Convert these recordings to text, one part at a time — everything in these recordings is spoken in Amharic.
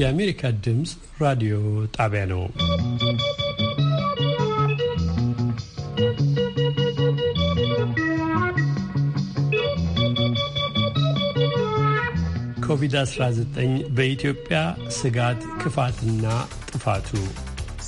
የአሜሪካ ድምፅ ራዲዮ ጣቢያ ነው። ኮቪድ-19 በኢትዮጵያ ስጋት፣ ክፋትና ጥፋቱ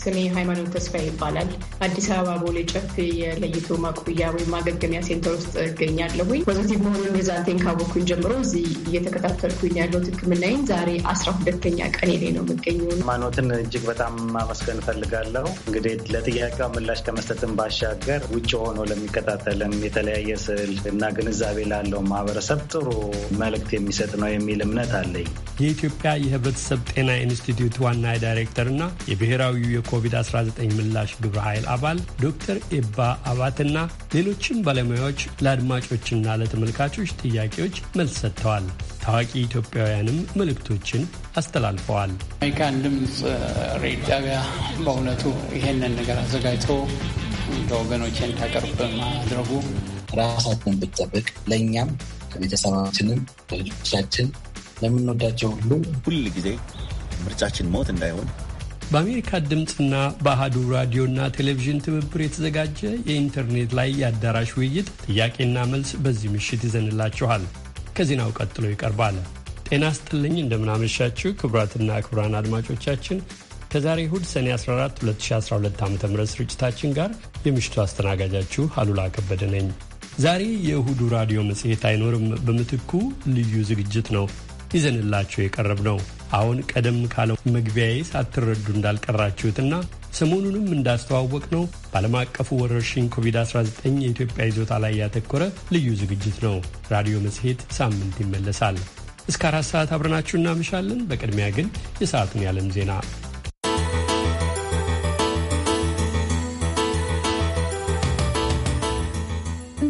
ስሜ ሃይማኖት ተስፋ ይባላል። አዲስ አበባ ቦሌ ጨፌ የለይቶ ማቆያ ወይም ማገገሚያ ሴንተር ውስጥ እገኛለሁኝ። ፖዘቲቭ መሆኑን የዛንቴን ካወኩኝ ጀምሮ እዚህ እየተከታተልኩኝ ያለሁት ሕክምናዬን ዛሬ አስራ ሁለተኛ ቀን ላይ ነው የምገኘው። ሃይማኖትን እጅግ በጣም ማመስገን እፈልጋለሁ። እንግዲህ ለጥያቄዋ ምላሽ ከመስጠትን ባሻገር ውጭ ሆኖ ለሚከታተልን የተለያየ ስዕል እና ግንዛቤ ላለው ማህበረሰብ ጥሩ መልእክት የሚሰጥ ነው የሚል እምነት አለኝ። የኢትዮጵያ የህብረተሰብ ጤና ኢንስቲትዩት ዋና ዳይሬክተር እና የብሔራዊ የኮቪድ-19 ምላሽ ግብረ ኃይል አባል ዶክተር ኤባ አባትና ሌሎችም ባለሙያዎች ለአድማጮችና ለተመልካቾች ጥያቄዎች መልስ ሰጥተዋል። ታዋቂ ኢትዮጵያውያንም መልእክቶችን አስተላልፈዋል። አሜሪካን ድምፅ ሬዲዮ ጣቢያ በእውነቱ ይሄንን ነገር አዘጋጅቶ ለወገኖቼ እንታቀርብ ማድረጉ ራሳችን ብጠበቅ ለእኛም ከቤተሰባችንም ለልጆቻችን ለምንወዳቸው ሁሉ ሁል ጊዜ ምርጫችን ሞት እንዳይሆን በአሜሪካ ድምፅና በአህዱ ራዲዮና ቴሌቪዥን ትብብር የተዘጋጀ የኢንተርኔት ላይ የአዳራሽ ውይይት ጥያቄና መልስ በዚህ ምሽት ይዘንላችኋል። ከዜናው ቀጥሎ ይቀርባል። ጤና ስጥልኝ፣ እንደምናመሻችሁ ክቡራትና ክቡራን አድማጮቻችን ከዛሬ እሁድ ሰኔ 14 2012 ዓ ም ስርጭታችን ጋር የምሽቱ አስተናጋጃችሁ አሉላ ከበደ ነኝ። ዛሬ የእሁዱ ራዲዮ መጽሔት አይኖርም። በምትኩ ልዩ ዝግጅት ነው ይዘንላችሁ የቀረብ ነው አሁን ቀደም ካለው መግቢያዬ ሳትረዱ እንዳልቀራችሁትና ሰሞኑንም እንዳስተዋወቅ ነው በዓለም አቀፉ ወረርሽኝ ኮቪድ-19 የኢትዮጵያ ይዞታ ላይ ያተኮረ ልዩ ዝግጅት ነው። ራዲዮ መጽሔት ሳምንት ይመለሳል። እስከ አራት ሰዓት አብረናችሁ እናመሻለን። በቅድሚያ ግን የሰዓቱን የዓለም ዜና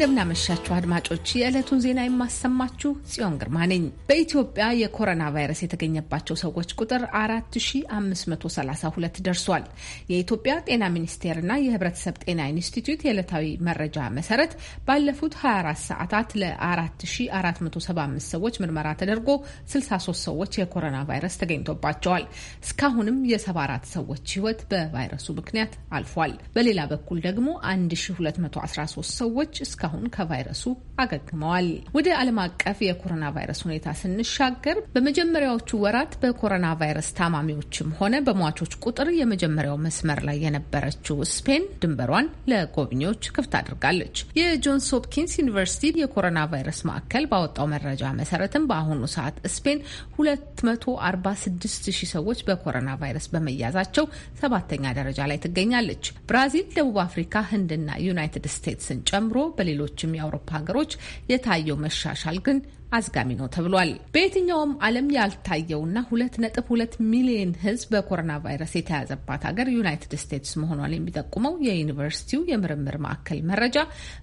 እንደምናመሻችሁ አድማጮች፣ የዕለቱን ዜና የማሰማችሁ ጽዮን ግርማ ነኝ። በኢትዮጵያ የኮሮና ቫይረስ የተገኘባቸው ሰዎች ቁጥር 4532 ደርሷል። የኢትዮጵያ ጤና ሚኒስቴርና የሕብረተሰብ ጤና ኢንስቲትዩት የዕለታዊ መረጃ መሰረት ባለፉት 24 ሰዓታት ለ4475 ሰዎች ምርመራ ተደርጎ 63 ሰዎች የኮሮና ቫይረስ ተገኝቶባቸዋል። እስካሁንም የ74 ሰዎች ሕይወት በቫይረሱ ምክንያት አልፏል። በሌላ በኩል ደግሞ 1213 ሰዎች እስካሁን አሁን ከቫይረሱ አገግመዋል። ወደ ዓለም አቀፍ የኮሮና ቫይረስ ሁኔታ ስንሻገር በመጀመሪያዎቹ ወራት በኮሮና ቫይረስ ታማሚዎችም ሆነ በሟቾች ቁጥር የመጀመሪያው መስመር ላይ የነበረችው ስፔን ድንበሯን ለጎብኚዎች ክፍት አድርጋለች። የጆንስ ሆፕኪንስ ዩኒቨርሲቲ የኮሮና ቫይረስ ማዕከል ባወጣው መረጃ መሰረትም በአሁኑ ሰዓት ስፔን 246 ሺህ ሰዎች በኮሮና ቫይረስ በመያዛቸው ሰባተኛ ደረጃ ላይ ትገኛለች። ብራዚል፣ ደቡብ አፍሪካ፣ ህንድና ዩናይትድ ስቴትስን ጨምሮ በሌ በሌሎችም የአውሮፓ ሀገሮች የታየው መሻሻል ግን አዝጋሚ ነው ተብሏል። በየትኛውም ዓለም ያልታየውና ሁለት ነጥብ ሁለት ሚሊዮን ሕዝብ በኮሮና ቫይረስ የተያዘባት ሀገር ዩናይትድ ስቴትስ መሆኗን የሚጠቁመው የዩኒቨርሲቲው የምርምር ማዕከል መረጃ፣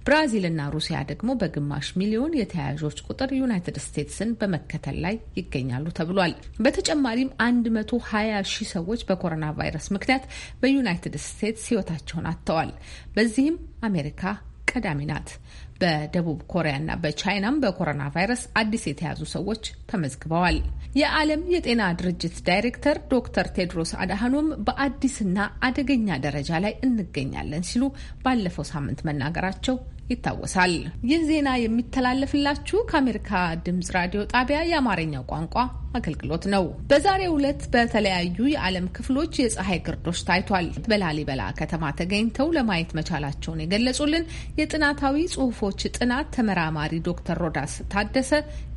ብራዚልና ሩሲያ ደግሞ በግማሽ ሚሊዮን የተያያዦች ቁጥር ዩናይትድ ስቴትስን በመከተል ላይ ይገኛሉ ተብሏል። በተጨማሪም 120 ሺህ ሰዎች በኮሮና ቫይረስ ምክንያት በዩናይትድ ስቴትስ ሕይወታቸውን አጥተዋል። በዚህም አሜሪካ ቀዳሚ ናት። በደቡብ ኮሪያና በቻይናም በኮሮና ቫይረስ አዲስ የተያዙ ሰዎች ተመዝግበዋል። የዓለም የጤና ድርጅት ዳይሬክተር ዶክተር ቴድሮስ አድሃኖም በአዲስና አደገኛ ደረጃ ላይ እንገኛለን ሲሉ ባለፈው ሳምንት መናገራቸው ይታወሳል። ይህ ዜና የሚተላለፍላችሁ ከአሜሪካ ድምጽ ራዲዮ ጣቢያ የአማርኛው ቋንቋ አገልግሎት ነው። በዛሬው ዕለት በተለያዩ የዓለም ክፍሎች የፀሐይ ግርዶች ታይቷል። በላሊበላ ከተማ ተገኝተው ለማየት መቻላቸውን የገለጹልን የጥናታዊ ጽሁፎች ጥናት ተመራማሪ ዶክተር ሮዳስ ታደሰ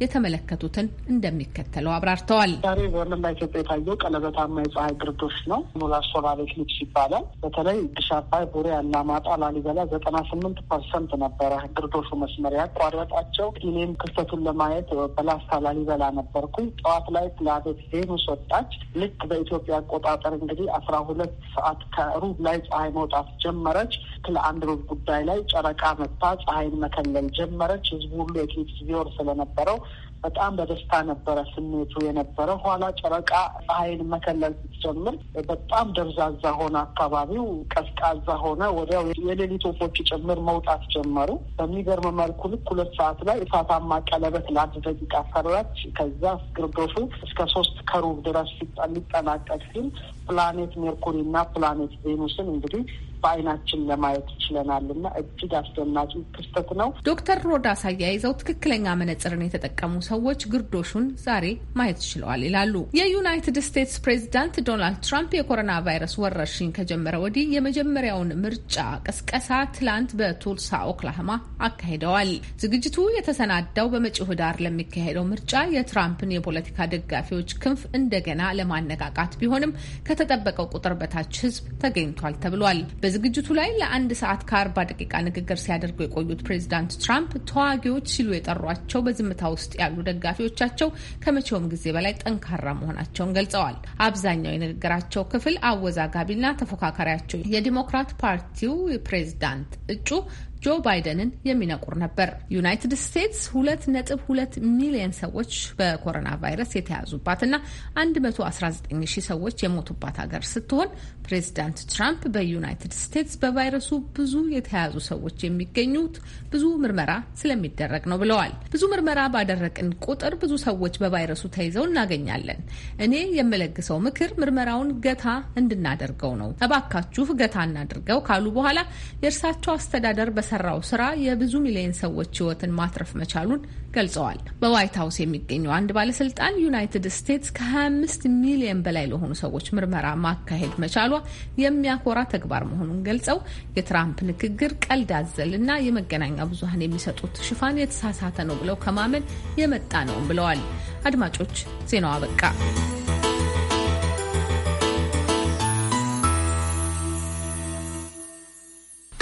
የተመለከቱትን እንደሚከተለው አብራርተዋል። ዛሬ በመላ ኢትዮጵያ የታየው ቀለበታማ የፀሐይ ግርዶሽ ነው። ሞላር ሶላር ኤክሊፕስ ይባላል። በተለይ አዲስ ቡሬ፣ አላማጣ፣ ላሊበላ ዘጠና ስምንት ፐርሰንት ነበረ ግርዶሹ መስመር ያቋረጣቸው። እኔም ክስተቱን ለማየት በላስታ ላሊበላ ነበርኩኝ ጠዋት ሰዓት ላይ ለአቤት ቬኑስ ወጣች። ልክ በኢትዮጵያ አቆጣጠር እንግዲህ አስራ ሁለት ሰዓት ከሩብ ላይ ፀሐይ መውጣት ጀመረች። አንድ ሩብ ጉዳይ ላይ ጨረቃ መታ ፀሐይን መከለል ጀመረች። ህዝቡ ሁሉ የክሊፕስ ቪወር ስለነበረው በጣም በደስታ ነበረ ስሜቱ የነበረ ኋላ ጨረቃ ፀሐይን መከለል ስትጀምር በጣም ደብዛዛ ሆነ፣ አካባቢው ቀዝቃዛ ሆነ። ወዲያው የሌሊት ወፎች ጭምር መውጣት ጀመሩ። በሚገርም መልኩ ልክ ሁለት ሰዓት ላይ እሳታማ ቀለበት ለአንድ ደቂቃ ሰራች። ከዛ ግርዶሹ እስከ ሶስት ከሩብ ድረስ ሊጠናቀቅ ሲል ፕላኔት ሜርኩሪ እና ፕላኔት ቬኑስን እንግዲህ በአይናችን ለማየት ችለናል እና እጅግ አስደናቂ ክስተት ነው። ዶክተር ሮዳስ አያይዘው ትክክለኛ መነጽርን የተጠቀሙ ሰዎች ግርዶሹን ዛሬ ማየት ችለዋል ይላሉ። የዩናይትድ ስቴትስ ፕሬዚዳንት ዶናልድ ትራምፕ የኮሮና ቫይረስ ወረርሽኝ ከጀመረ ወዲህ የመጀመሪያውን ምርጫ ቅስቀሳ ትላንት በቱልሳ ኦክላህማ አካሂደዋል። ዝግጅቱ የተሰናዳው በመጪው ህዳር ለሚካሄደው ምርጫ የትራምፕን የፖለቲካ ደጋፊዎች ክንፍ እንደገና ለማነቃቃት ቢሆንም ከተጠበቀው ቁጥር በታች ህዝብ ተገኝቷል ተብሏል። በዝግጅቱ ላይ ለአንድ ሰዓት ከአርባ ደቂቃ ንግግር ሲያደርጉ የቆዩት ፕሬዚዳንት ትራምፕ ተዋጊዎች ሲሉ የጠሯቸው በዝምታ ውስጥ ያሉ ደጋፊዎቻቸው ከመቼውም ጊዜ በላይ ጠንካራ መሆናቸውን ገልጸዋል። አብዛኛው የንግግራቸው ክፍል አወዛጋቢና ተፎካካሪያቸው የዲሞክራት ፓርቲው ፕሬዚዳንት እጩ ጆ ባይደንን የሚነቁር ነበር። ዩናይትድ ስቴትስ ሁለት ነጥብ ሁለት ሚሊየን ሰዎች በኮሮና ቫይረስ የተያዙባትና 119 ሺህ ሰዎች የሞቱባት ሀገር ስትሆን ፕሬዚዳንት ትራምፕ በዩናይትድ ስቴትስ በቫይረሱ ብዙ የተያዙ ሰዎች የሚገኙት ብዙ ምርመራ ስለሚደረግ ነው ብለዋል። ብዙ ምርመራ ባደረግን ቁጥር ብዙ ሰዎች በቫይረሱ ተይዘው እናገኛለን። እኔ የምለግሰው ምክር ምርመራውን ገታ እንድናደርገው ነው። እባካችሁ ገታ እናድርገው ካሉ በኋላ የእርሳቸው አስተዳደር በሰራው ስራ የብዙ ሚሊዮን ሰዎች ህይወትን ማትረፍ መቻሉን ገልጸዋል። በዋይት ሀውስ የሚገኘው አንድ ባለስልጣን ዩናይትድ ስቴትስ ከ25 ሚሊዮን በላይ ለሆኑ ሰዎች ምርመራ ማካሄድ መቻሏ የሚያኮራ ተግባር መሆኑን ገልጸው የትራምፕ ንግግር ቀልድ አዘል እና የመገናኛ ብዙሀን የሚሰጡት ሽፋን የተሳሳተ ነው ብለው ከማመን የመጣ ነውም ብለዋል። አድማጮች ዜናው አበቃ።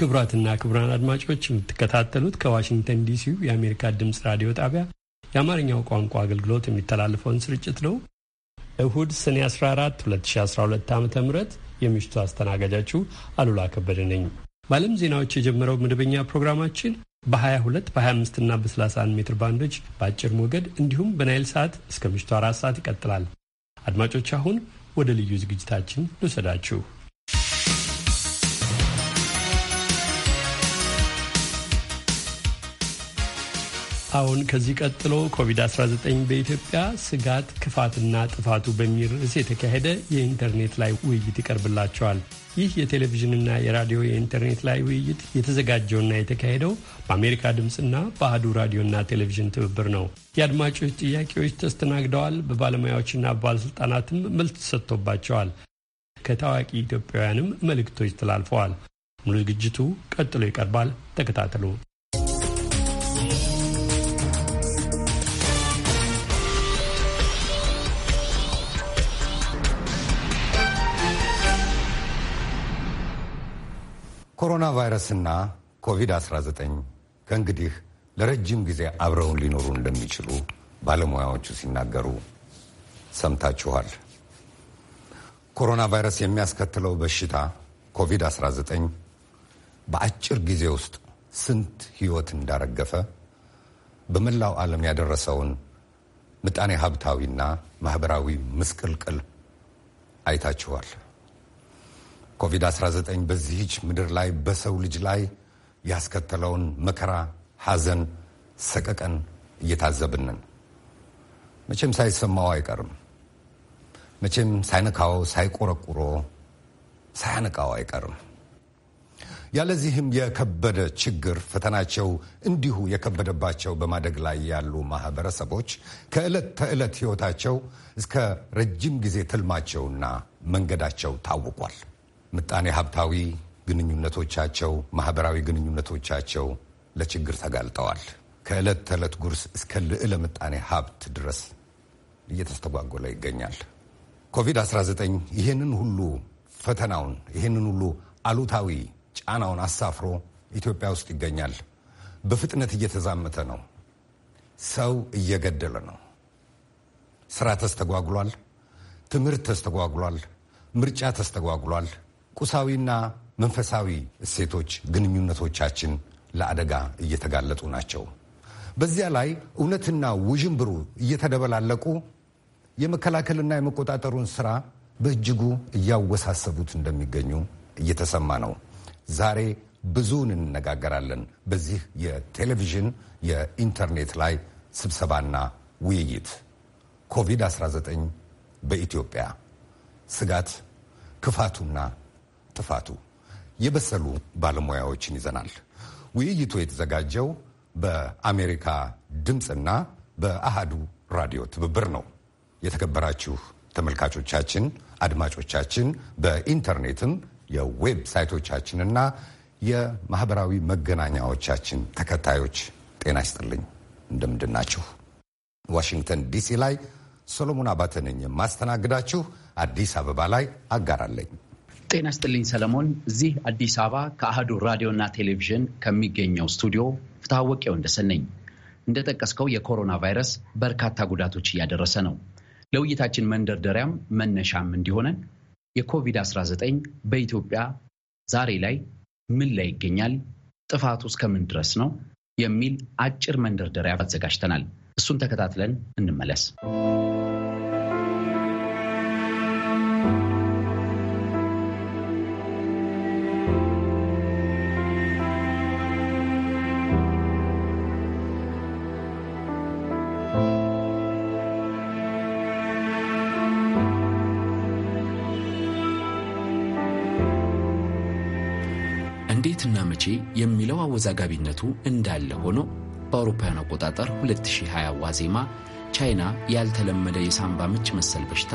ክቡራትና ክቡራን አድማጮች የምትከታተሉት ከዋሽንግተን ዲሲው የአሜሪካ ድምፅ ራዲዮ ጣቢያ የአማርኛው ቋንቋ አገልግሎት የሚተላለፈውን ስርጭት ነው። እሁድ ሰኔ 14 2012 ዓ ም የምሽቱ አስተናጋጃችሁ አሉላ ከበደ ነኝ። በዓለም ዜናዎች የጀመረው መደበኛ ፕሮግራማችን በ22 በ25 እና በ31 ሜትር ባንዶች በአጭር ሞገድ እንዲሁም በናይል ሰዓት እስከ ምሽቱ አራት ሰዓት ይቀጥላል። አድማጮች አሁን ወደ ልዩ ዝግጅታችን ልውሰዳችሁ። አሁን ከዚህ ቀጥሎ ኮቪድ-19 በኢትዮጵያ ስጋት ክፋትና ጥፋቱ በሚል ርዕስ የተካሄደ የኢንተርኔት ላይ ውይይት ይቀርብላቸዋል። ይህ የቴሌቪዥንና የራዲዮ የኢንተርኔት ላይ ውይይት የተዘጋጀውና የተካሄደው በአሜሪካ ድምፅና በአህዱ ራዲዮና ቴሌቪዥን ትብብር ነው። የአድማጮች ጥያቄዎች ተስተናግደዋል። በባለሙያዎችና ባለሥልጣናትም መልስ ተሰጥቶባቸዋል። ከታዋቂ ኢትዮጵያውያንም መልእክቶች ተላልፈዋል። ሙሉ ዝግጅቱ ቀጥሎ ይቀርባል። ተከታተሉ። ኮሮና ቫይረስና ኮቪድ-19 ከእንግዲህ ለረጅም ጊዜ አብረውን ሊኖሩ እንደሚችሉ ባለሙያዎቹ ሲናገሩ ሰምታችኋል። ኮሮና ቫይረስ የሚያስከትለው በሽታ ኮቪድ-19 በአጭር ጊዜ ውስጥ ስንት ሕይወት እንዳረገፈ በመላው ዓለም ያደረሰውን ምጣኔ ሀብታዊና ማኅበራዊ ምስቅልቅል አይታችኋል። ኮቪድ-19 በዚህች ምድር ላይ በሰው ልጅ ላይ ያስከተለውን መከራ፣ ሐዘን፣ ሰቀቀን እየታዘብንን መቼም ሳይሰማው አይቀርም። መቼም ሳይነካው፣ ሳይቆረቁሮ፣ ሳያነቃው አይቀርም። ያለዚህም የከበደ ችግር ፈተናቸው እንዲሁ የከበደባቸው በማደግ ላይ ያሉ ማህበረሰቦች ከዕለት ተዕለት ሕይወታቸው እስከ ረጅም ጊዜ ትልማቸውና መንገዳቸው ታውቋል። ምጣኔ ሀብታዊ ግንኙነቶቻቸው፣ ማህበራዊ ግንኙነቶቻቸው ለችግር ተጋልጠዋል። ከዕለት ተዕለት ጉርስ እስከ ልዕለ ምጣኔ ሀብት ድረስ እየተስተጓጎለ ይገኛል። ኮቪድ-19 ይህንን ሁሉ ፈተናውን ይህንን ሁሉ አሉታዊ ጫናውን አሳፍሮ ኢትዮጵያ ውስጥ ይገኛል። በፍጥነት እየተዛመተ ነው። ሰው እየገደለ ነው። ስራ ተስተጓጉሏል። ትምህርት ተስተጓጉሏል። ምርጫ ተስተጓጉሏል። ቁሳዊና መንፈሳዊ እሴቶች፣ ግንኙነቶቻችን ለአደጋ እየተጋለጡ ናቸው። በዚያ ላይ እውነትና ውዥንብሩ እየተደበላለቁ የመከላከልና የመቆጣጠሩን ስራ በእጅጉ እያወሳሰቡት እንደሚገኙ እየተሰማ ነው። ዛሬ ብዙውን እንነጋገራለን በዚህ የቴሌቪዥን የኢንተርኔት ላይ ስብሰባና ውይይት። ኮቪድ-19 በኢትዮጵያ ስጋት፣ ክፋቱና ጥፋቱ። የበሰሉ ባለሙያዎችን ይዘናል። ውይይቱ የተዘጋጀው በአሜሪካ ድምፅና በአሃዱ ራዲዮ ትብብር ነው። የተከበራችሁ ተመልካቾቻችን፣ አድማጮቻችን በኢንተርኔትም የዌብ ሳይቶቻችንና የማህበራዊ መገናኛዎቻችን ተከታዮች ጤና ይስጥልኝ። እንደምንድናችሁ ዋሽንግተን ዲሲ ላይ ሰሎሞን አባተ ነኝ የማስተናግዳችሁ። አዲስ አበባ ላይ አጋራለኝ ጤና ስጥልኝ ሰለሞን። እዚህ አዲስ አበባ ከአህዱ ራዲዮና ቴሌቪዥን ከሚገኘው ስቱዲዮ ፍትሐወቂያው እንደሰነኝ እንደጠቀስከው የኮሮና ቫይረስ በርካታ ጉዳቶች እያደረሰ ነው። ለውይይታችን መንደርደሪያም መነሻም እንዲሆነን የኮቪድ-19 በኢትዮጵያ ዛሬ ላይ ምን ላይ ይገኛል፣ ጥፋቱ እስከምን ድረስ ነው የሚል አጭር መንደርደሪያ አዘጋጅተናል። እሱን ተከታትለን እንመለስ። እንዴትና መቼ የሚለው አወዛጋቢነቱ እንዳለ ሆኖ በአውሮፓውያን አቆጣጠር 2020 ዋዜማ ቻይና ያልተለመደ የሳምባ ምች መሰል በሽታ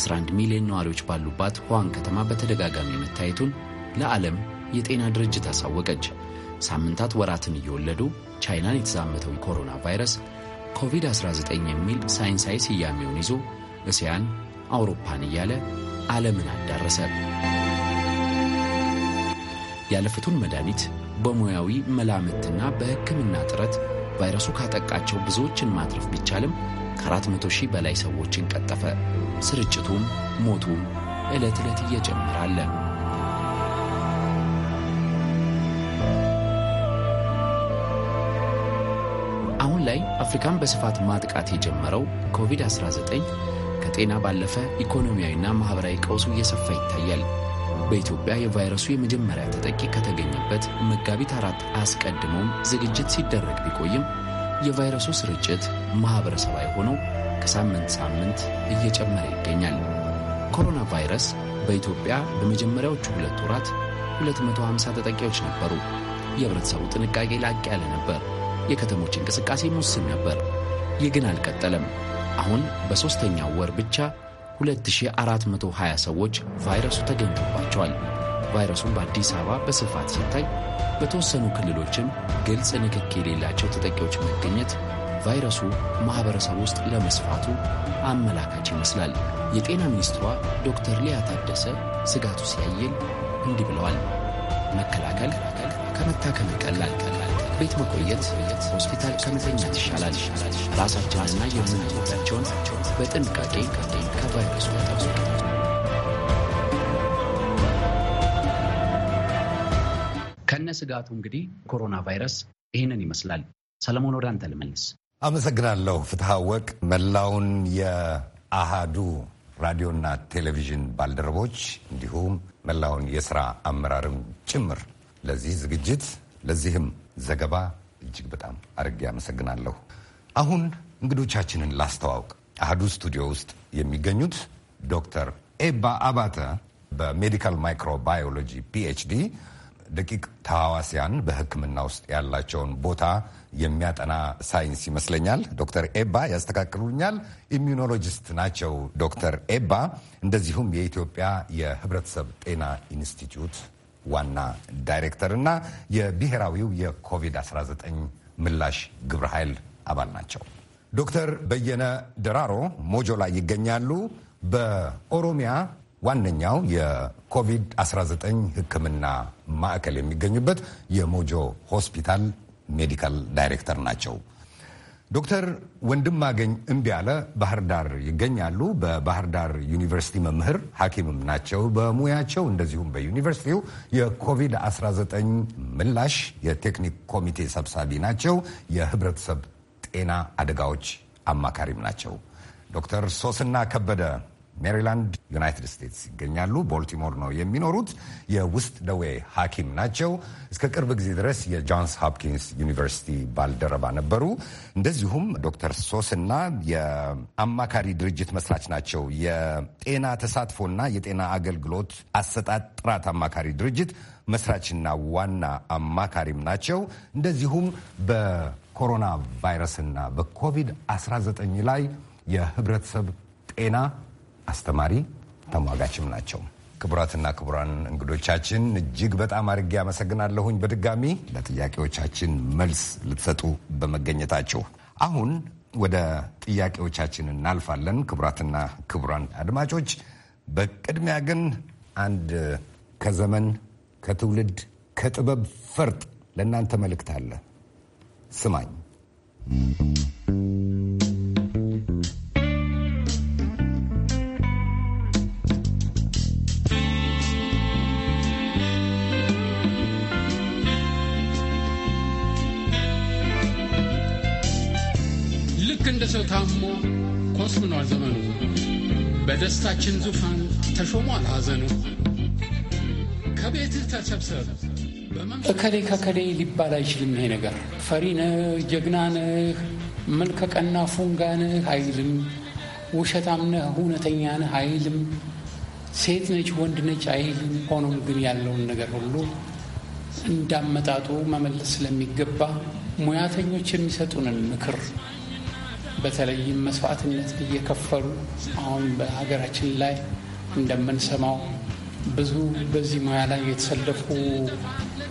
11 ሚሊዮን ነዋሪዎች ባሉባት ሁዋን ከተማ በተደጋጋሚ መታየቱን ለዓለም የጤና ድርጅት አሳወቀች። ሳምንታት ወራትን እየወለዱ ቻይናን የተዛመተው የኮሮና ቫይረስ ኮቪድ-19 የሚል ሳይንሳዊ ስያሜውን ይዞ እስያን አውሮፓን እያለ ዓለምን አዳረሰ። ያለፍቱን መድኃኒት በሙያዊ መላምትና በሕክምና ጥረት ቫይረሱ ካጠቃቸው ብዙዎችን ማትረፍ ቢቻልም ከ400 ሺህ በላይ ሰዎችን ቀጠፈ። ስርጭቱም ሞቱም ዕለት ዕለት እየጨመረ አሁን ላይ አፍሪካን በስፋት ማጥቃት የጀመረው ኮቪድ-19 ከጤና ባለፈ ኢኮኖሚያዊና ማኅበራዊ ቀውሱ እየሰፋ ይታያል። በኢትዮጵያ የቫይረሱ የመጀመሪያ ተጠቂ ከተገኘበት መጋቢት አራት አስቀድሞም ዝግጅት ሲደረግ ቢቆይም የቫይረሱ ስርጭት ማኅበረሰባዊ ሆኖ ከሳምንት ሳምንት እየጨመረ ይገኛል። ኮሮና ቫይረስ በኢትዮጵያ በመጀመሪያዎቹ ሁለት ወራት 250 ተጠቂዎች ነበሩ። የህብረተሰቡ ጥንቃቄ ላቅ ያለ ነበር። የከተሞች እንቅስቃሴ ውስን ነበር። ይህ ግን አልቀጠለም። አሁን በሦስተኛው ወር ብቻ 2420 ሰዎች ቫይረሱ ተገኝቶባቸዋል። ቫይረሱን በአዲስ አበባ በስፋት ሲታይ፣ በተወሰኑ ክልሎችም ግልጽ ንክክ የሌላቸው ተጠቂዎች መገኘት ቫይረሱ ማኅበረሰብ ውስጥ ለመስፋቱ አመላካች ይመስላል። የጤና ሚኒስትሯ ዶክተር ሊያ ታደሰ ስጋቱ ሲያየል እንዲህ ብለዋል። መከላከል ከመታከም ይቀላል። ቤት መቆየት ሆስፒታል ከመተኛት ይሻላል። ራሳችንና የምንቸውን በጥንቃቄ ከቫይረሱ ጠብቅ። ከነ ስጋቱ እንግዲህ ኮሮና ቫይረስ ይህንን ይመስላል። ሰለሞን ወደ አንተ ልመልስ። አመሰግናለሁ ፍትሐ ወቅ መላውን የአሃዱ ራዲዮና ቴሌቪዥን ባልደረቦች እንዲሁም መላውን የስራ አመራርም ጭምር ለዚህ ዝግጅት ለዚህም ዘገባ እጅግ በጣም አድርጌ አመሰግናለሁ። አሁን እንግዶቻችንን ላስተዋውቅ። አህዱ ስቱዲዮ ውስጥ የሚገኙት ዶክተር ኤባ አባተ በሜዲካል ማይክሮባዮሎጂ ፒኤችዲ ደቂቅ ተሐዋስያን በሕክምና ውስጥ ያላቸውን ቦታ የሚያጠና ሳይንስ ይመስለኛል። ዶክተር ኤባ ያስተካክሉኛል፣ ኢሚኖሎጂስት ናቸው። ዶክተር ኤባ እንደዚሁም የኢትዮጵያ የህብረተሰብ ጤና ኢንስቲትዩት ዋና ዳይሬክተር እና የብሔራዊው የኮቪድ-19 ምላሽ ግብረ ኃይል አባል ናቸው። ዶክተር በየነ ደራሮ ሞጆ ላይ ይገኛሉ። በኦሮሚያ ዋነኛው የኮቪድ-19 ሕክምና ማዕከል የሚገኙበት የሞጆ ሆስፒታል ሜዲካል ዳይሬክተር ናቸው። ዶክተር ወንድማገኝ እምቢያለ ባህር ዳር ይገኛሉ። በባህር ዳር ዩኒቨርሲቲ መምህር ሐኪምም ናቸው በሙያቸው። እንደዚሁም በዩኒቨርሲቲው የኮቪድ-19 ምላሽ የቴክኒክ ኮሚቴ ሰብሳቢ ናቸው። የህብረተሰብ ጤና አደጋዎች አማካሪም ናቸው። ዶክተር ሶስና ከበደ ሜሪላንድ ዩናይትድ ስቴትስ ይገኛሉ። ቦልቲሞር ነው የሚኖሩት። የውስጥ ደዌ ሐኪም ናቸው። እስከ ቅርብ ጊዜ ድረስ የጆንስ ሆፕኪንስ ዩኒቨርሲቲ ባልደረባ ነበሩ። እንደዚሁም ዶክተር ሶስና የአማካሪ ድርጅት መስራች ናቸው። የጤና ተሳትፎና የጤና አገልግሎት አሰጣጥ ጥራት አማካሪ ድርጅት መስራችና ዋና አማካሪም ናቸው። እንደዚሁም በኮሮና ቫይረስና በኮቪድ-19 ላይ የህብረተሰብ ጤና አስተማሪ፣ ተሟጋችም ናቸው። ክቡራትና ክቡራን እንግዶቻችን እጅግ በጣም አድርጌ አመሰግናለሁኝ። በድጋሚ ለጥያቄዎቻችን መልስ ልትሰጡ በመገኘታችሁ አሁን ወደ ጥያቄዎቻችን እናልፋለን። ክቡራትና ክቡራን አድማጮች በቅድሚያ ግን አንድ ከዘመን ከትውልድ ከጥበብ ፈርጥ ለእናንተ መልእክት አለ። ስማኝ እንደ ሰው ታሞ ኮስምኗል ዘመኑ። በደስታችን ዙፋን ተሾሟል ሐዘኑ። ከቤትህ ተሰብሰብ እከሌ ከከሌ ሊባል አይችልም። ይሄ ነገር ፈሪነህ፣ ጀግናነህ፣ መልከቀና ነህ አይልም። እውነተኛ ነህ አይልም። ሴት ነች፣ ወንድ ነች አይልም። ሆኖም ግን ያለውን ነገር ሁሉ እንዳመጣጡ መመለስ ስለሚገባ ሙያተኞች የሚሰጡንን ምክር በተለይም መስዋዕትነት እየከፈሉ አሁን በሀገራችን ላይ እንደምንሰማው ብዙ በዚህ ሙያ ላይ የተሰለፉ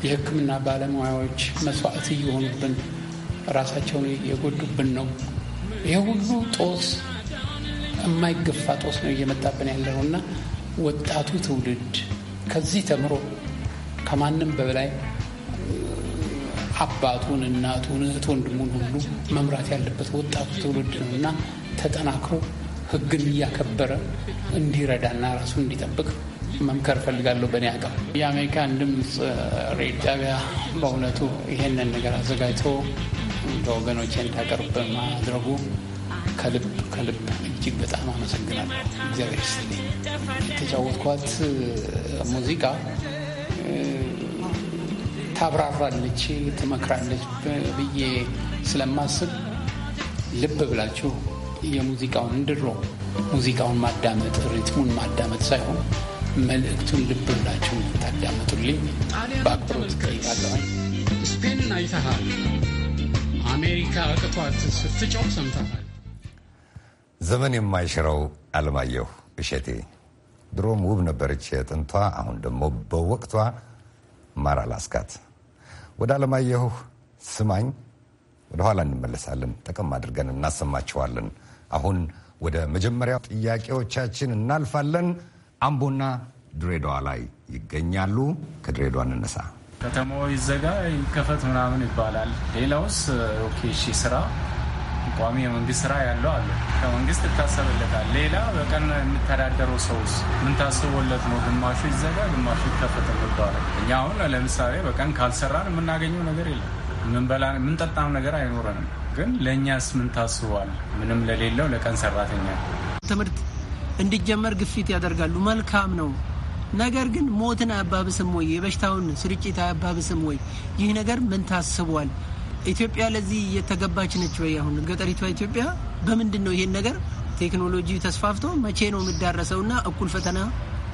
የሕክምና ባለሙያዎች መስዋዕት እየሆኑብን ራሳቸውን እየጎዱብን ነው። ይህ ሁሉ ጦስ የማይገፋ ጦስ ነው እየመጣብን ያለ ነው እና ወጣቱ ትውልድ ከዚህ ተምሮ ከማንም በላይ አባቱን፣ እናቱን፣ እህት ወንድሙን ሁሉ መምራት ያለበት ወጣቱ ትውልድ ነው እና ተጠናክሮ ህግን እያከበረ እንዲረዳና ራሱን እንዲጠብቅ መምከር እፈልጋለሁ። በእኔ አቅም የአሜሪካን ድምፅ ሬድ ጣቢያ በእውነቱ ይሄንን ነገር አዘጋጅቶ ለወገኖቼ እንዳቀርብ ማድረጉ ከልብ ከልብ እጅግ በጣም አመሰግናለሁ። እግዚአብሔር ስ የተጫወትኳት ሙዚቃ ታብራራለች፣ ትመክራለች ብዬ ስለማስብ ልብ ብላችሁ የሙዚቃውን እንድሮ ሙዚቃውን ማዳመጥ ሪትሙን ማዳመጥ ሳይሆን መልእክቱን ልብ ብላችሁ ታዳመጡልኝ በአክብሮት እጠይቃለሁኝ። ስፔንን አይተሃል፣ አሜሪካ አቅቷት ስትጫው ሰምተሃል። ዘመን የማይሽረው አለማየሁ እሸቴ ድሮም ውብ ነበረች የጥንቷ፣ አሁን ደግሞ በወቅቷ ማር አላስካት ወደ አለማየሁ ስማኝ ወደኋላ እንመለሳለን። ጠቀም አድርገን እናሰማችኋለን። አሁን ወደ መጀመሪያው ጥያቄዎቻችን እናልፋለን። አምቦና ድሬዳዋ ላይ ይገኛሉ። ከድሬዳዋ እንነሳ። ከተማው ይዘጋ ይከፈት ምናምን ይባላል። ሌላውስ ኦኬ፣ ስራ ቋሚ የመንግስት ስራ ያለው አለ ከመንግስት ይታሰብለታል። ሌላ በቀን የሚተዳደረው ሰውስ ምን ታስቦለት ነው? ግማሹ ይዘጋ፣ ግማሹ ይከፈት እኛ አሁን ለምሳሌ በቀን ካልሰራን የምናገኘው ነገር የለም። ምንጠጣም ነገር አይኖረንም። ግን ለእኛስ ምን ታስቧል? ምንም ለሌለው ለቀን ሰራተኛ ትምህርት እንዲጀመር ግፊት ያደርጋሉ። መልካም ነው። ነገር ግን ሞትን አያባብስም ወይ? የበሽታውን ስርጭት አያባብስም ወይ? ይህ ነገር ምን ታስቧል? ኢትዮጵያ ለዚህ እየተገባች ነች ወይ? አሁን ገጠሪቷ ኢትዮጵያ በምንድን ነው ይሄን ነገር ቴክኖሎጂ ተስፋፍቶ መቼ ነው እና እኩል ፈተና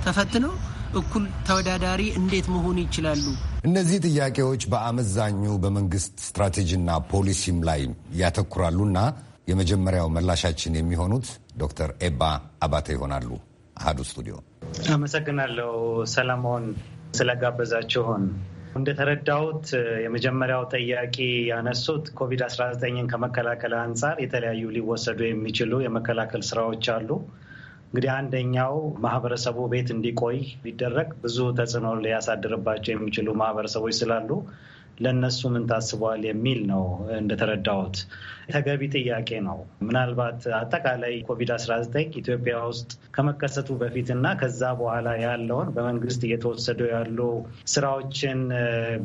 ተፈትነው እኩል ተወዳዳሪ እንዴት መሆን ይችላሉ? እነዚህ ጥያቄዎች በአመዛኙ በመንግስት ስትራቴጂና ፖሊሲም ላይ ያተኩራሉና የመጀመሪያው መላሻችን የሚሆኑት ዶክተር ኤባ አባተ ይሆናሉ። አህዱ ስቱዲዮ አመሰግናለሁ ሰለሞን ስለጋበዛችሁን። እንደተረዳሁት የመጀመሪያው ጠያቂ ያነሱት ኮቪድ 19ን ከመከላከል አንጻር የተለያዩ ሊወሰዱ የሚችሉ የመከላከል ስራዎች አሉ። እንግዲህ አንደኛው ማህበረሰቡ ቤት እንዲቆይ ቢደረግ ብዙ ተጽዕኖ ሊያሳድርባቸው የሚችሉ ማህበረሰቦች ስላሉ ለእነሱ ምን ታስቧል የሚል ነው እንደተረዳሁት። ተገቢ ጥያቄ ነው። ምናልባት አጠቃላይ ኮቪድ-19 ኢትዮጵያ ውስጥ ከመከሰቱ በፊት እና ከዛ በኋላ ያለውን በመንግስት እየተወሰዱ ያሉ ስራዎችን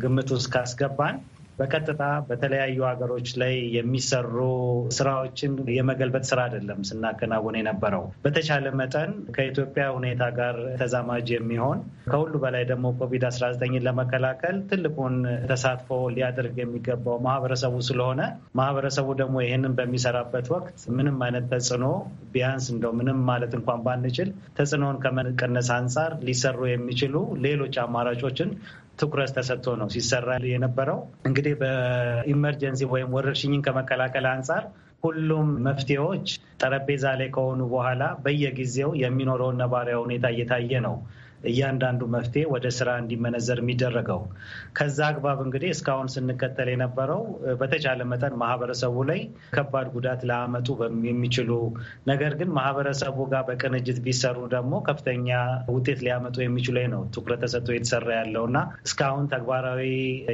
ግምት ውስጥ ካስገባን በቀጥታ በተለያዩ ሀገሮች ላይ የሚሰሩ ስራዎችን የመገልበጥ ስራ አይደለም ስናከናወን የነበረው። በተቻለ መጠን ከኢትዮጵያ ሁኔታ ጋር ተዛማጅ የሚሆን ከሁሉ በላይ ደግሞ ኮቪድ-19ን ለመከላከል ትልቁን ተሳትፎ ሊያደርግ የሚገባው ማህበረሰቡ ስለሆነ ማህበረሰቡ ደግሞ ይህንን በሚሰራበት ወቅት ምንም አይነት ተጽዕኖ ቢያንስ እንደው ምንም ማለት እንኳን ባንችል ተጽዕኖውን ከመቀነስ አንጻር ሊሰሩ የሚችሉ ሌሎች አማራጮችን ትኩረት ተሰጥቶ ነው ሲሰራ የነበረው። እንግዲህ በኢመርጀንሲ ወይም ወረርሽኝን ከመከላከል አንጻር ሁሉም መፍትሄዎች ጠረጴዛ ላይ ከሆኑ በኋላ በየጊዜው የሚኖረውን ነባሪያ ሁኔታ እየታየ ነው እያንዳንዱ መፍትሄ ወደ ስራ እንዲመነዘር የሚደረገው። ከዛ አግባብ እንግዲህ እስካሁን ስንከተል የነበረው በተቻለ መጠን ማህበረሰቡ ላይ ከባድ ጉዳት ሊያመጡ የሚችሉ ነገር ግን ማህበረሰቡ ጋር በቅንጅት ቢሰሩ ደግሞ ከፍተኛ ውጤት ሊያመጡ የሚችሉ ላይ ነው ትኩረት ተሰጥቶ የተሰራ ያለው እና እስካሁን ተግባራዊ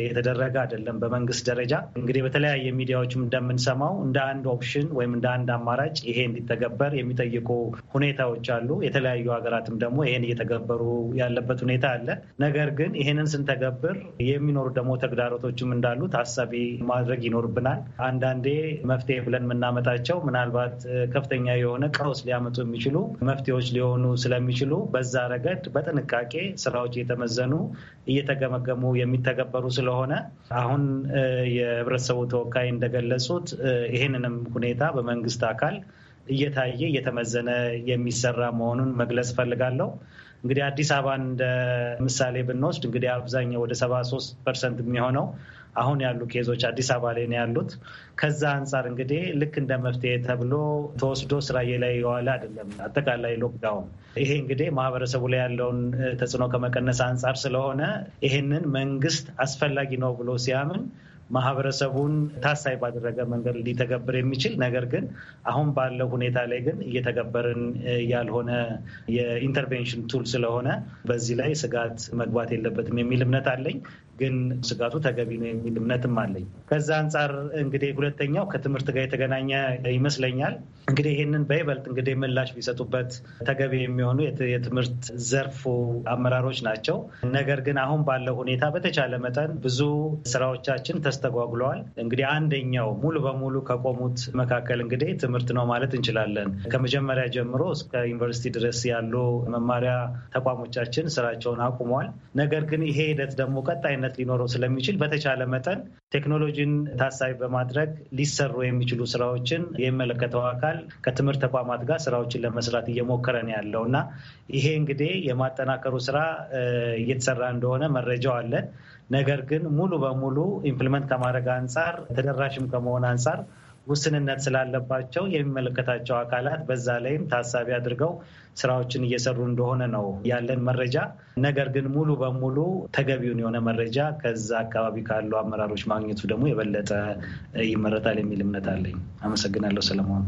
የተደረገ አይደለም። በመንግስት ደረጃ እንግዲህ በተለያየ ሚዲያዎችም እንደምንሰማው እንደ አንድ ኦፕሽን ወይም እንደ አንድ አማራጭ ይሄ እንዲተገበር የሚጠይቁ ሁኔታዎች አሉ። የተለያዩ ሀገራትም ደግሞ ይሄን እየተገበሩ ያለበት ሁኔታ አለ። ነገር ግን ይሄንን ስንተገብር የሚኖሩ ደግሞ ተግዳሮቶችም እንዳሉ ታሳቢ ማድረግ ይኖርብናል። አንዳንዴ መፍትሄ ብለን የምናመጣቸው ምናልባት ከፍተኛ የሆነ ቀውስ ሊያመጡ የሚችሉ መፍትሄዎች ሊሆኑ ስለሚችሉ በዛ ረገድ በጥንቃቄ ስራዎች እየተመዘኑ እየተገመገሙ የሚተገበሩ ስለሆነ አሁን የህብረተሰቡ ተወካይ እንደገለጹት ይህንንም ሁኔታ በመንግስት አካል እየታየ እየተመዘነ የሚሰራ መሆኑን መግለጽ እፈልጋለሁ። እንግዲህ አዲስ አበባ እንደ ምሳሌ ብንወስድ እንግዲህ አብዛኛው ወደ ሰባ ሶስት ፐርሰንት የሚሆነው አሁን ያሉ ኬዞች አዲስ አበባ ላይ ነው ያሉት። ከዛ አንጻር እንግዲህ ልክ እንደ መፍትሄ ተብሎ ተወስዶ ስራ ላይ የዋለ አይደለም አጠቃላይ ሎክዳውን። ይሄ እንግዲህ ማህበረሰቡ ላይ ያለውን ተጽዕኖ ከመቀነስ አንጻር ስለሆነ ይሄንን መንግስት አስፈላጊ ነው ብሎ ሲያምን ማህበረሰቡን ታሳይ ባደረገ መንገድ ሊተገብር የሚችል ነገር ግን አሁን ባለው ሁኔታ ላይ ግን እየተገበርን ያልሆነ የኢንተርቬንሽን ቱል ስለሆነ በዚህ ላይ ስጋት መግባት የለበትም የሚል እምነት አለኝ። ግን ስጋቱ ተገቢ ነው የሚል እምነትም አለኝ። ከዛ አንጻር እንግዲህ ሁለተኛው ከትምህርት ጋር የተገናኘ ይመስለኛል። እንግዲህ ይህንን በይበልጥ እንግዲህ ምላሽ ቢሰጡበት ተገቢ የሚሆኑ የትምህርት ዘርፉ አመራሮች ናቸው። ነገር ግን አሁን ባለው ሁኔታ በተቻለ መጠን ብዙ ስራዎቻችን ተስተጓጉለዋል። እንግዲህ አንደኛው ሙሉ በሙሉ ከቆሙት መካከል እንግዲህ ትምህርት ነው ማለት እንችላለን። ከመጀመሪያ ጀምሮ እስከ ዩኒቨርሲቲ ድረስ ያሉ መማሪያ ተቋሞቻችን ስራቸውን አቁመዋል። ነገር ግን ይሄ ሂደት ደግሞ ቀጣይነት ተያያዥነት ሊኖረው ስለሚችል በተቻለ መጠን ቴክኖሎጂን ታሳቢ በማድረግ ሊሰሩ የሚችሉ ስራዎችን የሚመለከተው አካል ከትምህርት ተቋማት ጋር ስራዎችን ለመስራት እየሞከረ ነው ያለው እና ይሄ እንግዲህ የማጠናከሩ ስራ እየተሰራ እንደሆነ መረጃው አለን። ነገር ግን ሙሉ በሙሉ ኢምፕሊመንት ከማድረግ አንጻር ተደራሽም ከመሆን አንጻር ውስንነት ስላለባቸው የሚመለከታቸው አካላት በዛ ላይም ታሳቢ አድርገው ስራዎችን እየሰሩ እንደሆነ ነው ያለን መረጃ። ነገር ግን ሙሉ በሙሉ ተገቢውን የሆነ መረጃ ከዛ አካባቢ ካሉ አመራሮች ማግኘቱ ደግሞ የበለጠ ይመረጣል የሚል እምነት አለኝ። አመሰግናለሁ ሰለሞን።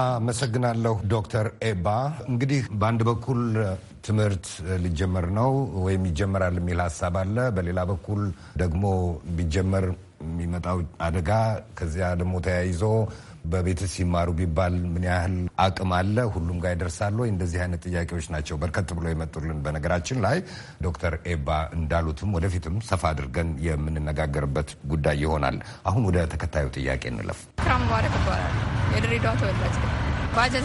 አመሰግናለሁ ዶክተር ኤባ። እንግዲህ በአንድ በኩል ትምህርት ሊጀመር ነው ወይም ይጀመራል የሚል ሀሳብ አለ። በሌላ በኩል ደግሞ ቢጀመር የሚመጣው አደጋ ከዚያ ደግሞ ተያይዞ በቤት ሲማሩ ቢባል ምን ያህል አቅም አለ? ሁሉም ጋር ይደርሳል እንደዚህ አይነት ጥያቄዎች ናቸው በርከት ብሎ የመጡልን። በነገራችን ላይ ዶክተር ኤባ እንዳሉትም ወደፊትም ሰፋ አድርገን የምንነጋገርበት ጉዳይ ይሆናል። አሁን ወደ ተከታዩ ጥያቄ እንለፍ። ክራም ሙባረክ የድሬዳዋ ተወላጅ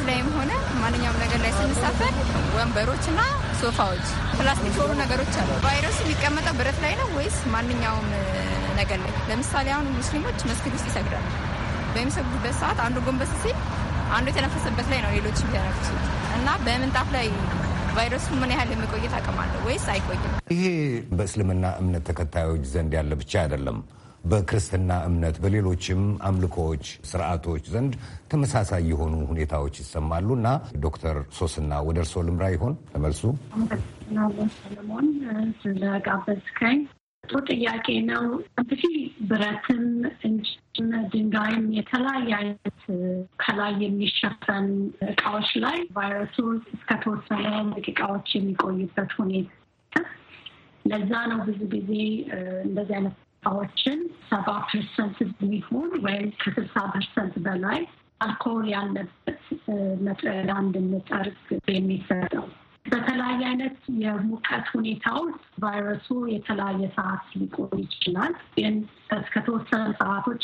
ላይም ሆነ ማንኛውም ነገር ላይ ስንሳፈር ወንበሮችና ሶፋዎች ፕላስቲክ ሆኑ ነገሮች አሉ። ቫይረሱ የሚቀመጠው ብረት ላይ ነው ወይስ ማንኛውም ነገር ላይ ለምሳሌ አሁን ሙስሊሞች መስጊድ ውስጥ ይሰግዳሉ። በሚሰግዱበት ሰዓት አንዱ ጎንበስ ሲል አንዱ የተነፈሰበት ላይ ነው ሌሎች የተነፍሱት እና በምንጣፍ ላይ ቫይረሱ ምን ያህል የመቆየት አቅም አለው ወይስ አይቆይም? ይሄ በእስልምና እምነት ተከታዮች ዘንድ ያለ ብቻ አይደለም። በክርስትና እምነት በሌሎችም አምልኮዎች፣ ስርዓቶች ዘንድ ተመሳሳይ የሆኑ ሁኔታዎች ይሰማሉ እና ዶክተር ሶስና ወደ እርስዎ ልምራ ይሆን ለመልሱ ሰለሞን ስለጋበዝከኝ። ጥሩ ጥያቄ ነው። እንግዲህ ብረትም እንጨትም ድንጋይም የተለያየ አይነት ከላይ የሚሸፈን እቃዎች ላይ ቫይረሱ እስከተወሰነ ደቂቃዎች የሚቆይበት ሁኔታ ለዛ ነው ብዙ ጊዜ እንደዚህ አይነት እቃዎችን ሰባ ፐርሰንት የሚሆን ወይም ከስልሳ ፐርሰንት በላይ አልኮል ያለበት መጥረዳ እንድንጠርግ የሚሰጠው በተለያየ አይነት የሙቀት ሁኔታ ውስጥ ቫይረሱ የተለያየ ሰዓት ሊቆይ ይችላል። ግን እስከተወሰነ ሰዓቶች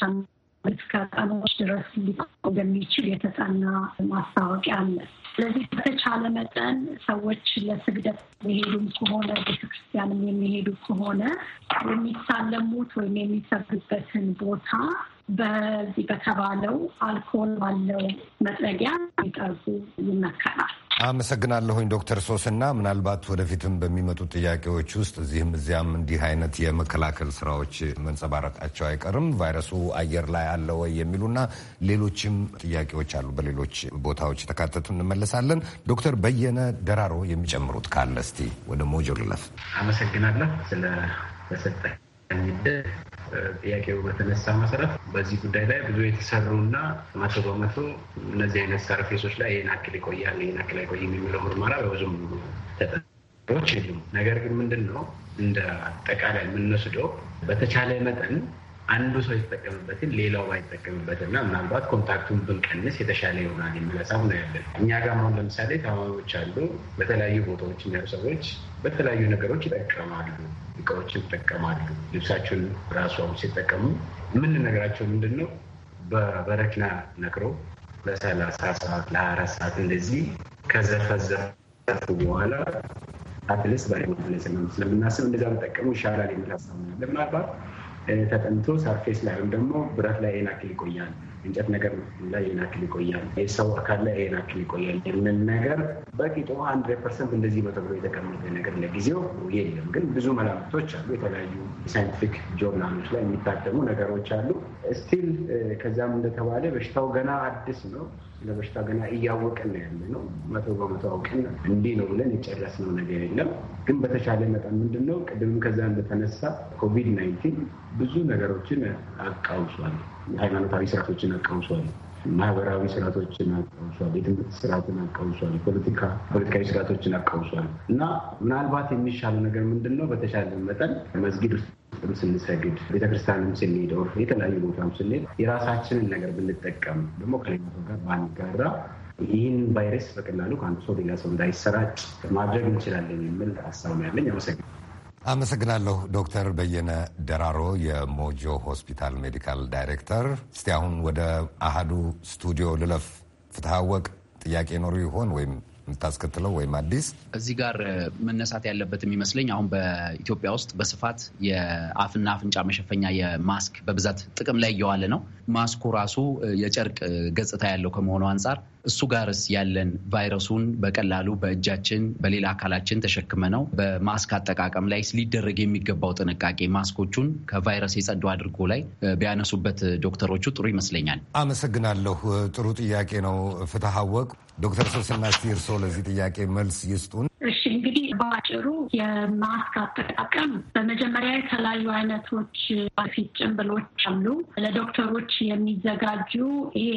እስከ ቀኖች ድረስ ሊቆይ እንደሚችል የተጠና ማስታወቂያ አለ። ስለዚህ በተቻለ መጠን ሰዎች ለስግደት የሚሄዱም ከሆነ ቤተክርስቲያንም የሚሄዱ ከሆነ የሚሳለሙት ወይም የሚሰግዱበትን ቦታ በዚህ በተባለው አልኮል ባለው መጥረጊያ ሊጠርጉ ይመከራል። አመሰግናለሁኝ ዶክተር ሶስና ምናልባት ወደፊትም በሚመጡ ጥያቄዎች ውስጥ እዚህም እዚያም እንዲህ አይነት የመከላከል ስራዎች መንጸባረቃቸው አይቀርም። ቫይረሱ አየር ላይ አለ ወይ የሚሉና ሌሎችም ጥያቄዎች አሉ፣ በሌሎች ቦታዎች የተካተቱ እንመለሳለን። ዶክተር በየነ ደራሮ የሚጨምሩት ካለ እስቲ ወደ ሞጆ ልለፍ። አመሰግናለሁ ስለ እንደሚደል ጥያቄው በተነሳ መሰረት በዚህ ጉዳይ ላይ ብዙ የተሰሩ እና መቶ በመቶ እነዚህ አይነት ሰርፌሶች ላይ ይህን አክል ይቆያል፣ ይህን አክል አይቆይም የሚለው ምርመራ በብዙም ተጠሮች የሉም። ነገር ግን ምንድን ነው እንደ አጠቃላይ የምንወስደው በተቻለ መጠን አንዱ ሰው የተጠቀምበትን ሌላው ባይጠቀምበት እና ምናልባት ኮንታክቱን ብንቀንስ የተሻለ ይሆናል የሚል ሀሳብ ነው ያለን። እኛ ጋር አሁን ለምሳሌ ታማሚዎች አሉ። በተለያዩ ቦታዎች የሚያሉ ሰዎች በተለያዩ ነገሮች ይጠቀማሉ። እቃዎችን ይጠቀማሉ። ልብሳቸውን ራሷም ሲጠቀሙ የምንነግራቸው ምንድን ነው? በበረኪና ነክሮ ለሰላሳ ሰዓት ለአራት ሰዓት እንደዚህ ከዘፈዘፉ በኋላ አትልስ ባለመለስ ነው ስለምናስብ እንደዛ መጠቀሙ ይሻላል የሚል ሀሳብ ምናልባት ተጠንቶ ሰርፌስ ላይ ወይም ደግሞ ብረት ላይ ናክል ይቆያል እንጨት ነገር ላይ ይህን አክል ይቆያል፣ የሰው አካል ላይ ይህን አክል ይቆያል የምን ነገር በቂጦ አንድሬድ ፐርሰንት እንደዚህ በተብሎ የተቀመጠ ነገር ለጊዜው የለም። ግን ብዙ መላምቶች አሉ። የተለያዩ ሳይንቲፊክ ጆርናሎች ላይ የሚታተሙ ነገሮች አሉ። ስቲል ከዚያም እንደተባለ በሽታው ገና አዲስ ነው። ለበሽታ ገና እያወቅን ነው ያለ ነው። መቶ በመቶ አውቅን እንዲህ ነው ብለን የጨረስነው ነገር የለም። ግን በተቻለ መጠን ምንድን ነው ቅድምም ከዛ እንደተነሳ ኮቪድ ናይንቲን ብዙ ነገሮችን አቃውሷል። ሃይማኖታዊ ስርዓቶችን አቃውሷል። ማህበራዊ ስርዓቶችን አቃውሷል። የትምህርት ስርዓትን አቃውሷል። ፖለቲካ ፖለቲካዊ ስርዓቶችን አቃውሷል እና ምናልባት የሚሻለው ነገር ምንድን ነው በተቻለ መጠን መስጊድ ውስጥ ስንሰግድ ቤተክርስቲያንም ስንሄደው የተለያዩ ቦታም ስንሄድ የራሳችንን ነገር ብንጠቀም ደግሞ ከሌላ ሰው ጋር ባንጋራ ይህን ቫይረስ በቀላሉ ከአንዱ ሰው ሌላ ሰው እንዳይሰራጭ ማድረግ እንችላለን የሚል ሀሳብ ነው ያለኝ። አመሰግናለሁ። አመሰግናለሁ ዶክተር በየነ ደራሮ የሞጆ ሆስፒታል ሜዲካል ዳይሬክተር። እስቲ አሁን ወደ አሃዱ ስቱዲዮ ልለፍ። ፍትሐወቅ ጥያቄ ኖሩ ይሆን ወይም የምታስከትለው ወይም አዲስ እዚህ ጋር መነሳት ያለበት የሚመስለኝ አሁን በኢትዮጵያ ውስጥ በስፋት የአፍና አፍንጫ መሸፈኛ የማስክ በብዛት ጥቅም ላይ እየዋለ ነው። ማስኩ ራሱ የጨርቅ ገጽታ ያለው ከመሆኑ አንጻር እሱ ጋርስ ያለን ቫይረሱን በቀላሉ በእጃችን በሌላ አካላችን ተሸክመ ነው በማስክ አጠቃቀም ላይ ሊደረግ የሚገባው ጥንቃቄ ማስኮቹን ከቫይረስ የጸዱ አድርጎ ላይ ቢያነሱበት ዶክተሮቹ ጥሩ ይመስለኛል። አመሰግናለሁ። ጥሩ ጥያቄ ነው። ፍትሐወቅ ዶክተር ሶስና እስቲ ለዚህ ጥያቄ መልስ ይስጡን። እሺ እንግዲህ በአጭሩ የማስክ አጠቃቀም በመጀመሪያ የተለያዩ አይነቶች በፊት ጭንብሎች አሉ። ለዶክተሮች የሚዘጋጁ ይሄ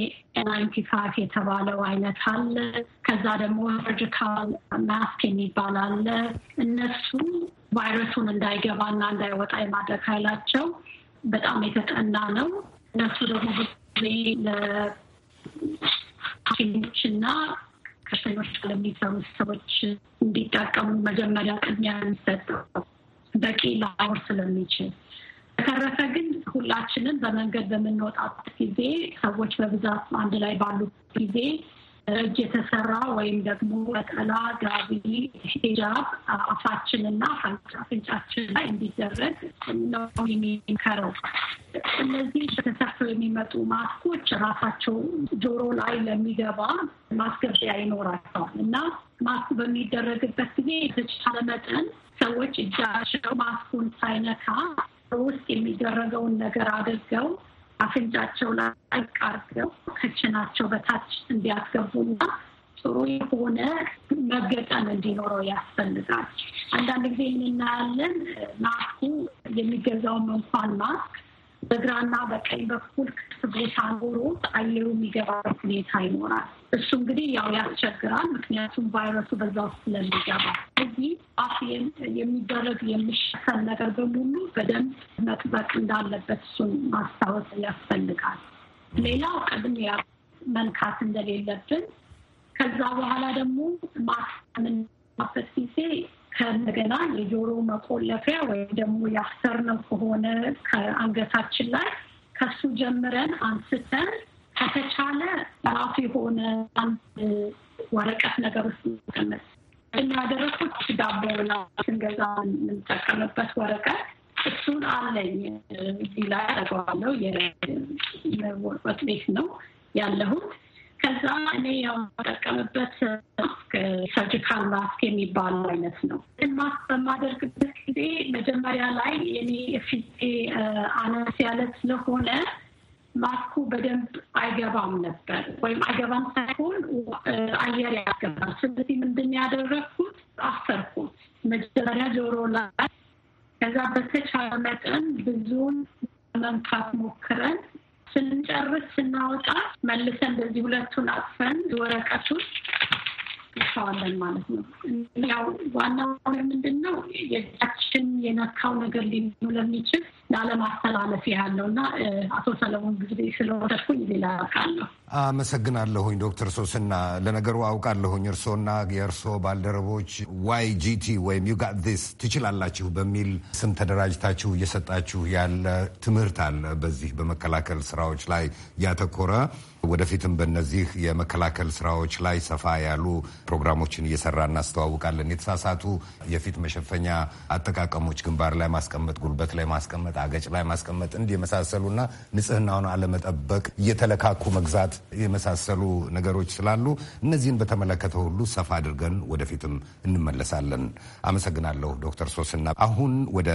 ናይንቲ ፋይቭ የተባለው አይነት አለ። ከዛ ደግሞ ሰርጂካል ማስክ የሚባል አለ። እነሱ ቫይረሱን እንዳይገባና እንዳይወጣ የማድረግ ኃይላቸው በጣም የተጠና ነው። እነሱ ደግሞ ብዙ ጊዜ ለሐኪሞች እና ከሽኞች ለሚሰሩ ሰዎች እንዲጠቀሙ መጀመሪያ ቅድሚያ የሚሰጠው በቂ ላይኖር ስለሚችል በተረፈ ግን ሁላችንም በመንገድ በምንወጣበት ጊዜ ሰዎች በብዛት አንድ ላይ ባሉበት ጊዜ እጅ የተሰራ ወይም ደግሞ ወጠላ፣ ጋቢ፣ ሂጃብ አፋችንና አፍንጫችን ላይ እንዲደረግ ነው የሚመከረው። እነዚህ ተሰፍተው የሚመጡ ማስኮች ራሳቸው ጆሮ ላይ ለሚገባ ማስገቢያ ይኖራቸዋል እና ማስኩ በሚደረግበት ጊዜ የተቻለ መጠን ሰዎች እጃቸው ማስኩን ሳይነካ ውስጥ የሚደረገውን ነገር አድርገው አፍንጫቸው ላይ ቃርገው ክችናቸው በታች እንዲያስገቡና ጥሩ የሆነ መገጠም እንዲኖረው ያስፈልጋል። አንዳንድ ጊዜ የምናያለን ማስኩ የሚገዛውም እንኳን ማስክ በግራና በቀኝ በኩል ክፍት ቦታ ኖሮ አየሩ የሚገባበት ሁኔታ ይኖራል። እሱ እንግዲህ ያው ያስቸግራል። ምክንያቱም ቫይረሱ በዛ ውስጥ ስለሚገባ እዚህ አፌን የሚደረግ የሚሸፈን ነገር በሙሉ በደንብ መጥበቅ እንዳለበት እሱን ማስታወስ ያስፈልጋል። ሌላው ቅድም ያ መንካት እንደሌለብን ከዛ በኋላ ደግሞ ማስምንበት ጊዜ ከእንደገና የጆሮ መቆለፊያ ወይም ደግሞ ያሰርነው ከሆነ ከአንገታችን ላይ ከሱ ጀምረን አንስተን ከተቻለ ራሱ የሆነ አንድ ወረቀት ነገር ውስጥ መቀመጥ ያደረግኩት ዳቦ ምናምን ስንገዛ የምንጠቀምበት ወረቀት እሱን አለኝ እዚህ ያደረገዋለው የወጥ ቤት ነው ያለሁት። ከዛ እኔ የምጠቀምበት ማስክ ሰርጂካል ማስክ የሚባለው አይነት ነው። ማስክ በማደርግበት ጊዜ መጀመሪያ ላይ የኔ ፊቴ አነስ ያለ ስለሆነ ማስኩ በደንብ አይገባም ነበር፣ ወይም አይገባም ሳይሆን አየር ያገባል ስለዚህ ምንድን ያደረግኩት አሰርኩት መጀመሪያ ጆሮ ላይ፣ ከዛ በተቻለ መጠን ብዙን መንካት ሞክረን ስንጨርስ ስናወጣ መልሰን እንደዚህ ሁለቱን አጥፈን ወረቀቱን ይሰዋለን ማለት ነው። ያው ዋናው ነገር ምንድን ነው የእጃችን የነካው ነገር ሊኖ ለሚችል ለአለማስተላለፍ ያለው እና አቶ ሰለሞን ጊዜ ስለወደድኩኝ ሌላ ቃል ነው አመሰግናለሁኝ ዶክተር ሶስና። ለነገሩ አውቃለሁኝ እርሶና የእርሶ ባልደረቦች ዋይ ጂቲ ወይም ዩ ጋት ዚስ ትችላላችሁ በሚል ስም ተደራጅታችሁ እየሰጣችሁ ያለ ትምህርት አለ በዚህ በመከላከል ስራዎች ላይ ያተኮረ ወደፊትም በእነዚህ የመከላከል ስራዎች ላይ ሰፋ ያሉ ፕሮግራሞችን እየሰራ እናስተዋውቃለን። የተሳሳቱ የፊት መሸፈኛ አጠቃቀሞች ግንባር ላይ ማስቀመጥ፣ ጉልበት ላይ ማስቀመጥ፣ አገጭ ላይ ማስቀመጥ እንዲህ የመሳሰሉና ንጽህናውን አለመጠበቅ እየተለካኩ መግዛት የመሳሰሉ ነገሮች ስላሉ እነዚህን በተመለከተ ሁሉ ሰፋ አድርገን ወደፊትም እንመለሳለን። አመሰግናለሁ ዶክተር ሶስና። አሁን ወደ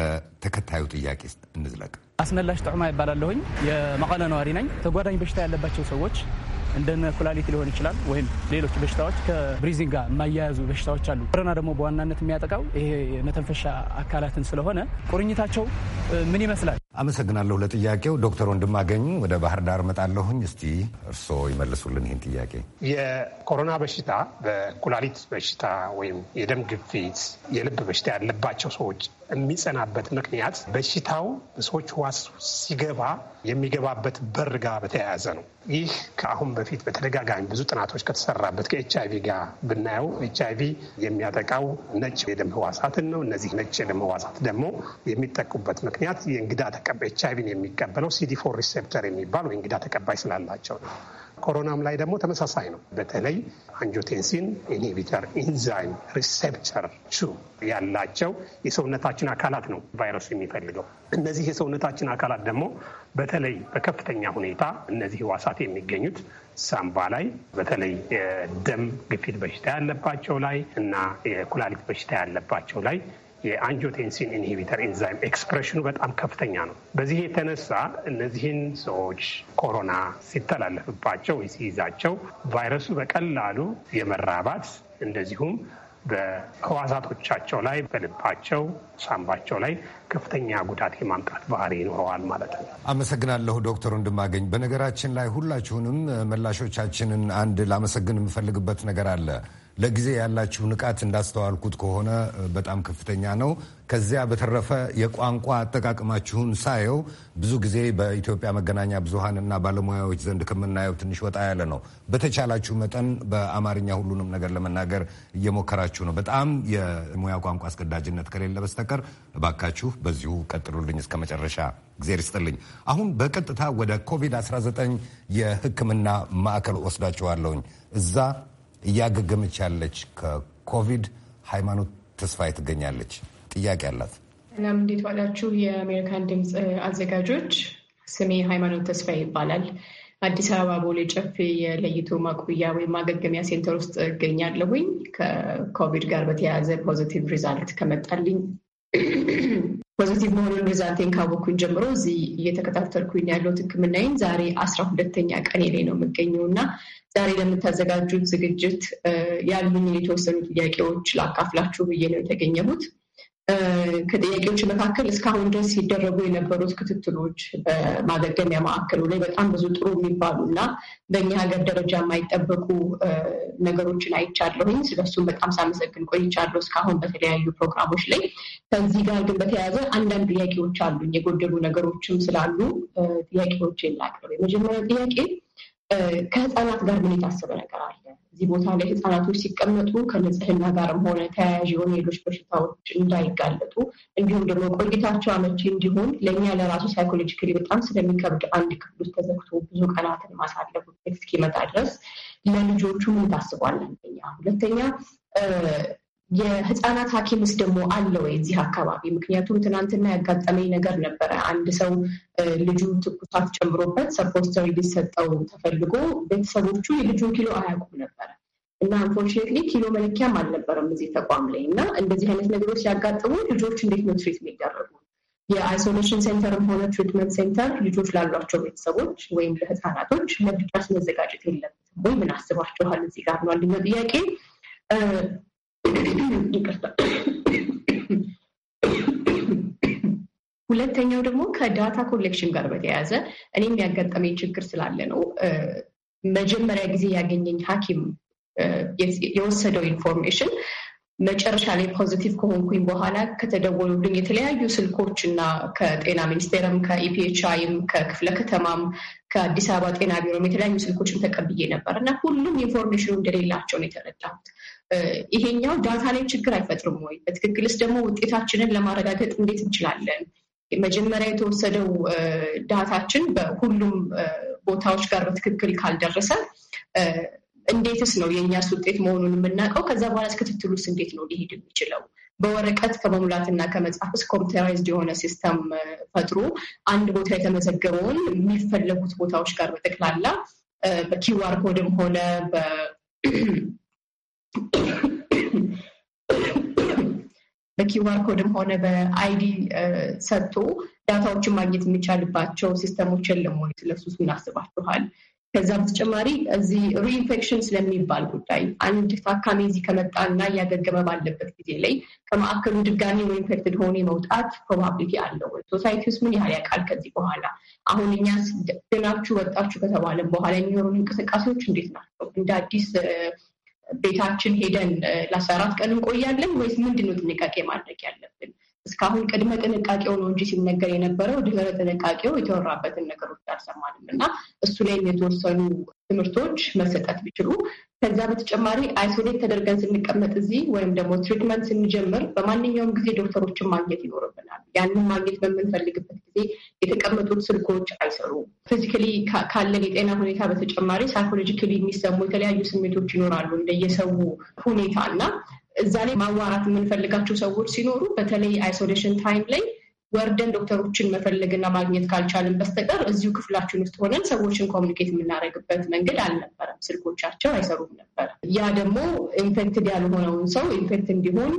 ተከታዩ ጥያቄ እንዝለቅ። አስመላሽ ጥዑማ ይባላለሁኝ። የመቀለ ነዋሪ ነኝ። ተጓዳኝ በሽታ ያለባቸው ሰዎች እንደነ ኩላሊት ሊሆን ይችላል ወይም ሌሎች በሽታዎች ከብሪዚንግ ጋር የማያያዙ በሽታዎች አሉ። ኮረና ደግሞ በዋናነት የሚያጠቃው ይሄ መተንፈሻ አካላትን ስለሆነ ቁርኝታቸው ምን ይመስላል? አመሰግናለሁ ለጥያቄው ዶክተር ወንድማገኝ ወደ ባህር ዳር መጣለሁኝ። እስቲ እርስዎ ይመልሱልን ይህን ጥያቄ። የኮሮና በሽታ በኩላሊት በሽታ ወይም የደም ግፊት፣ የልብ በሽታ ያለባቸው ሰዎች የሚጸናበት ምክንያት በሽታው በሰዎች ዋስ ሲገባ የሚገባበት በር ጋር በተያያዘ ነው። ይህ ከአሁን በፊት በተደጋጋሚ ብዙ ጥናቶች ከተሰራበት ከኤች አይቪ ጋር ብናየው ኤች አይቪ የሚያጠቃው ነጭ የደም ህዋሳትን ነው። እነዚህ ነጭ የደም ህዋሳት ደግሞ የሚጠቁበት ምክንያት የእንግዳ ተቀባይ ኤች አይቪን የሚቀበለው ሲዲ ፎር ሪሴፕተር የሚባል ወይ እንግዳ ተቀባይ ስላላቸው ነው። ኮሮናም ላይ ደግሞ ተመሳሳይ ነው። በተለይ አንጆቴንሲን ኢንሂቢተር ኢንዛይም ሪሴፕተር ቹ ያላቸው የሰውነታችን አካላት ነው ቫይረሱ የሚፈልገው። እነዚህ የሰውነታችን አካላት ደግሞ በተለይ በከፍተኛ ሁኔታ እነዚህ ህዋሳት የሚገኙት ሳምባ ላይ በተለይ የደም ግፊት በሽታ ያለባቸው ላይ እና የኩላሊት በሽታ ያለባቸው ላይ የአንጆቴንሲን ኢንሂቢተር ኤንዛይም ኤክስፕሬሽኑ በጣም ከፍተኛ ነው። በዚህ የተነሳ እነዚህን ሰዎች ኮሮና ሲተላለፍባቸው ወይ ሲይዛቸው ቫይረሱ በቀላሉ የመራባት እንደዚሁም በህዋሳቶቻቸው ላይ በልባቸው፣ ሳምባቸው ላይ ከፍተኛ ጉዳት የማምጣት ባህሪ ይኖረዋል ማለት ነው። አመሰግናለሁ ዶክተር ወንድማገኝ። በነገራችን ላይ ሁላችሁንም መላሾቻችንን አንድ ላመሰግን የምፈልግበት ነገር አለ። ለጊዜ ያላችሁ ንቃት እንዳስተዋልኩት ከሆነ በጣም ከፍተኛ ነው። ከዚያ በተረፈ የቋንቋ አጠቃቀማችሁን ሳየው ብዙ ጊዜ በኢትዮጵያ መገናኛ ብዙሃንና ባለሙያዎች ዘንድ ከምናየው ትንሽ ወጣ ያለ ነው። በተቻላችሁ መጠን በአማርኛ ሁሉንም ነገር ለመናገር እየሞከራችሁ ነው። በጣም የሙያ ቋንቋ አስገዳጅነት ከሌለ በስተቀር እባካችሁ በዚሁ ቀጥሉልኝ እስከ መጨረሻ። እግዜር ይስጥልኝ። አሁን በቀጥታ ወደ ኮቪድ-19 የሕክምና ማዕከል ወስዳችኋለሁኝ እዛ እያገገመች ያለች ከኮቪድ ሃይማኖት ተስፋዬ ትገኛለች። ጥያቄ አላት። እናም እንዴት ዋላችሁ የአሜሪካን ድምፅ አዘጋጆች፣ ስሜ ሃይማኖት ተስፋዬ ይባላል። አዲስ አበባ ቦሌ ጨፌ የለይቶ ማቆያ ወይም ማገገሚያ ሴንተር ውስጥ እገኛለሁኝ። ከኮቪድ ጋር በተያያዘ ፖዚቲቭ ሪዛልት ከመጣልኝ ፖዚቲቭ መሆኑን ሪዛልቴን ካወኩኝ ጀምሮ እዚህ እየተከታተልኩኝ ያለሁት ሕክምናዬን ዛሬ አስራ ሁለተኛ ቀኔ ላይ ነው የምገኘው እና ዛሬ ለምታዘጋጁት ዝግጅት ያሉኝን የተወሰኑ ጥያቄዎች ላካፍላችሁ ብዬ ነው የተገኘሁት። ከጥያቄዎች መካከል እስካሁን ድረስ ሲደረጉ የነበሩት ክትትሎች በማገገሚያ ማዕከሉ ላይ በጣም ብዙ ጥሩ የሚባሉ እና በእኛ ሀገር ደረጃ የማይጠበቁ ነገሮችን አይቻለሁኝ። ስለሱም በጣም ሳመሰግን ቆይቻለሁ እስካሁን በተለያዩ ፕሮግራሞች ላይ። ከዚህ ጋር ግን በተያያዘ አንዳንድ ጥያቄዎች አሉኝ፣ የጎደሉ ነገሮችም ስላሉ ጥያቄዎች ላቅርብ። የመጀመሪያው ጥያቄ ከህፃናት ጋር ምን የታሰበ ነገር አለ እዚህ ቦታ ላይ ህፃናቶች ሲቀመጡ ከንጽህና ጋርም ሆነ ተያያዥ የሆኑ ሌሎች በሽታዎች እንዳይጋለጡ እንዲሁም ደግሞ ቆይታቸው አመቺ እንዲሆን ለእኛ ለራሱ ሳይኮሎጂካሊ በጣም ስለሚከብድ አንድ ክፍል ውስጥ ተዘግቶ ብዙ ቀናትን ማሳለፉ እስኪመጣ ድረስ ለልጆቹ ምን ታስቧለን? ሁለተኛ የህፃናት ውስጥ ደግሞ አለ ወይ እዚህ አካባቢ? ምክንያቱም ትናንትና ያጋጠመኝ ነገር ነበረ። አንድ ሰው ልጁ ትኩሳት ጨምሮበት ሰፖስተሪ ሊሰጠው ተፈልጎ ቤተሰቦቹ የልጁን ኪሎ አያውቁም ነበረ እና አንፎርችኔትሊ ኪሎ መለኪያም አልነበረም እዚህ ተቋም ላይ እና እንደዚህ አይነት ነገሮች ሲያጋጥሙ ልጆች እንዴት ነው ትሪት የሚደረጉ? የአይሶሌሽን ሴንተርም ሆነ ትሪትመንት ሴንተር ልጆች ላሏቸው ቤተሰቦች ወይም ለህፃናቶች ለድጋፍ መዘጋጀት የለበትም ወይ? ምን አስባችኋል? እዚህ ጋር ነው አንደኛው ጥያቄ። ይቅርታ። ሁለተኛው ደግሞ ከዳታ ኮሌክሽን ጋር በተያያዘ እኔም ያጋጠመኝ ችግር ስላለ ነው። መጀመሪያ ጊዜ ያገኘኝ ሐኪም የወሰደው ኢንፎርሜሽን መጨረሻ ላይ ፖዚቲቭ ከሆንኩኝ በኋላ ከተደወሉልኝ የተለያዩ ስልኮች እና ከጤና ሚኒስቴርም ከኢፒኤችአይም ከክፍለ ከተማም ከአዲስ አበባ ጤና ቢሮም የተለያዩ ስልኮችን ተቀብዬ ነበር እና ሁሉም ኢንፎርሜሽኑ እንደሌላቸው ነው የተረዳሁት። ይሄኛው ዳታ ላይ ችግር አይፈጥርም ወይ? በትክክልስ ደግሞ ውጤታችንን ለማረጋገጥ እንዴት እንችላለን? መጀመሪያ የተወሰደው ዳታችን በሁሉም ቦታዎች ጋር በትክክል ካልደረሰ እንዴትስ ነው የእኛስ ውጤት መሆኑን የምናውቀው? ከዛ በኋላ ክትትሉስ እንዴት ነው ሊሄድ የሚችለው? በወረቀት ከመሙላትና ከመጻፍስ ኮምፒውተራይዝድ የሆነ ሲስተም ፈጥሮ አንድ ቦታ የተመዘገበውን የሚፈለጉት ቦታዎች ጋር በጠቅላላ በኪዋር ኮድም ሆነ በኪዋር ኮድም ሆነ በአይዲ ሰጥቶ ዳታዎችን ማግኘት የሚቻልባቸው ሲስተሞች የለም ወይ? ስለሱስ እናስባችኋል። ከዛ በተጨማሪ እዚህ ሪኢንፌክሽን ስለሚባል ጉዳይ አንድ ታካሚ እዚህ ከመጣና እያገገመ ባለበት ጊዜ ላይ ከማዕከሉ ድጋሚ ኢንፌክትድ ሆኖ የመውጣት ፕሮባብሊቲ አለው። ሶሳይቲ ውስጥ ምን ያህል ያውቃል? ከዚህ በኋላ አሁን እኛ ድናችሁ ወጣችሁ ከተባለን በኋላ የሚኖሩን እንቅስቃሴዎች እንዴት ናቸው? እንደ አዲስ ቤታችን ሄደን ለአስራ አራት ቀን እንቆያለን ወይስ ምንድን ነው ጥንቃቄ ማድረግ ያለብን? እስካሁን ቅድመ ጥንቃቄው ነው እንጂ ሲነገር የነበረው ድህረ ጥንቃቄው የተወራበትን ነገሮች አልሰማንም እና እሱ ላይም የተወሰኑ ትምህርቶች መሰጠት ቢችሉ ከዛ በተጨማሪ አይሶሌት ተደርገን ስንቀመጥ እዚህ ወይም ደግሞ ትሪትመንት ስንጀምር በማንኛውም ጊዜ ዶክተሮችን ማግኘት ይኖርብናል። ያንን ማግኘት በምንፈልግበት ጊዜ የተቀመጡት ስልኮች አይሰሩ ፊዚካሊ ካለን የጤና ሁኔታ በተጨማሪ ሳይኮሎጂካሊ የሚሰሙ የተለያዩ ስሜቶች ይኖራሉ እንደየሰው ሁኔታ እና እዛ ላይ ማዋራት የምንፈልጋቸው ሰዎች ሲኖሩ በተለይ አይሶሌሽን ታይም ላይ ወርደን ዶክተሮችን መፈለግና ማግኘት ካልቻልን በስተቀር እዚሁ ክፍላችን ውስጥ ሆነን ሰዎችን ኮሚኒኬት የምናደርግበት መንገድ አልነበረም። ስልኮቻቸው አይሰሩም ነበር። ያ ደግሞ ኢንፌክትድ ያልሆነውን ሰው ኢንፌክት እንዲሆን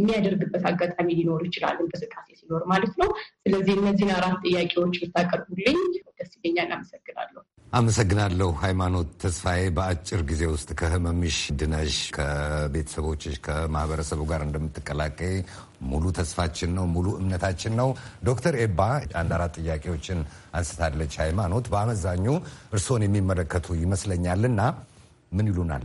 የሚያደርግበት አጋጣሚ ሊኖር ይችላል፣ እንቅስቃሴ ሲኖር ማለት ነው። ስለዚህ እነዚህን አራት ጥያቄዎች ብታቀርቡልኝ ደስ ይለኛል። አመሰግናለሁ። አመሰግናለሁ ሃይማኖት ተስፋዬ። በአጭር ጊዜ ውስጥ ከህመምሽ ድነሽ ከቤተሰቦችሽ ከማህበረሰቡ ጋር እንደምትቀላቀይ ሙሉ ተስፋችን ነው፣ ሙሉ እምነታችን ነው። ዶክተር ኤባ አንድ አራት ጥያቄዎችን አንስታለች ሃይማኖት። በአመዛኙ እርስዎን የሚመለከቱ ይመስለኛልና ምን ይሉናል?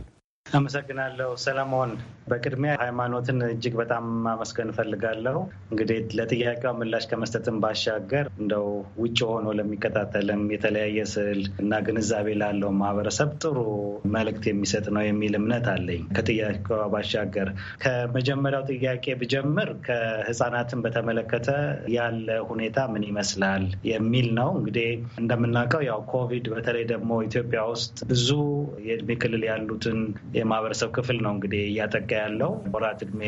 አመሰግናለሁ ሰለሞን። በቅድሚያ ሃይማኖትን እጅግ በጣም ማመስገን እፈልጋለሁ። እንግዲህ ለጥያቄዋ ምላሽ ከመስጠትን ባሻገር እንደው ውጭ ሆኖ ለሚከታተልም የተለያየ ስዕል እና ግንዛቤ ላለው ማህበረሰብ ጥሩ መልእክት የሚሰጥ ነው የሚል እምነት አለኝ። ከጥያቄዋ ባሻገር ከመጀመሪያው ጥያቄ ብጀምር ከህፃናትን በተመለከተ ያለ ሁኔታ ምን ይመስላል የሚል ነው። እንግዲህ እንደምናውቀው ያው ኮቪድ በተለይ ደግሞ ኢትዮጵያ ውስጥ ብዙ የእድሜ ክልል ያሉትን የማህበረሰብ ክፍል ነው እንግዲህ እያጠቃ ያለው ወራት እድሜ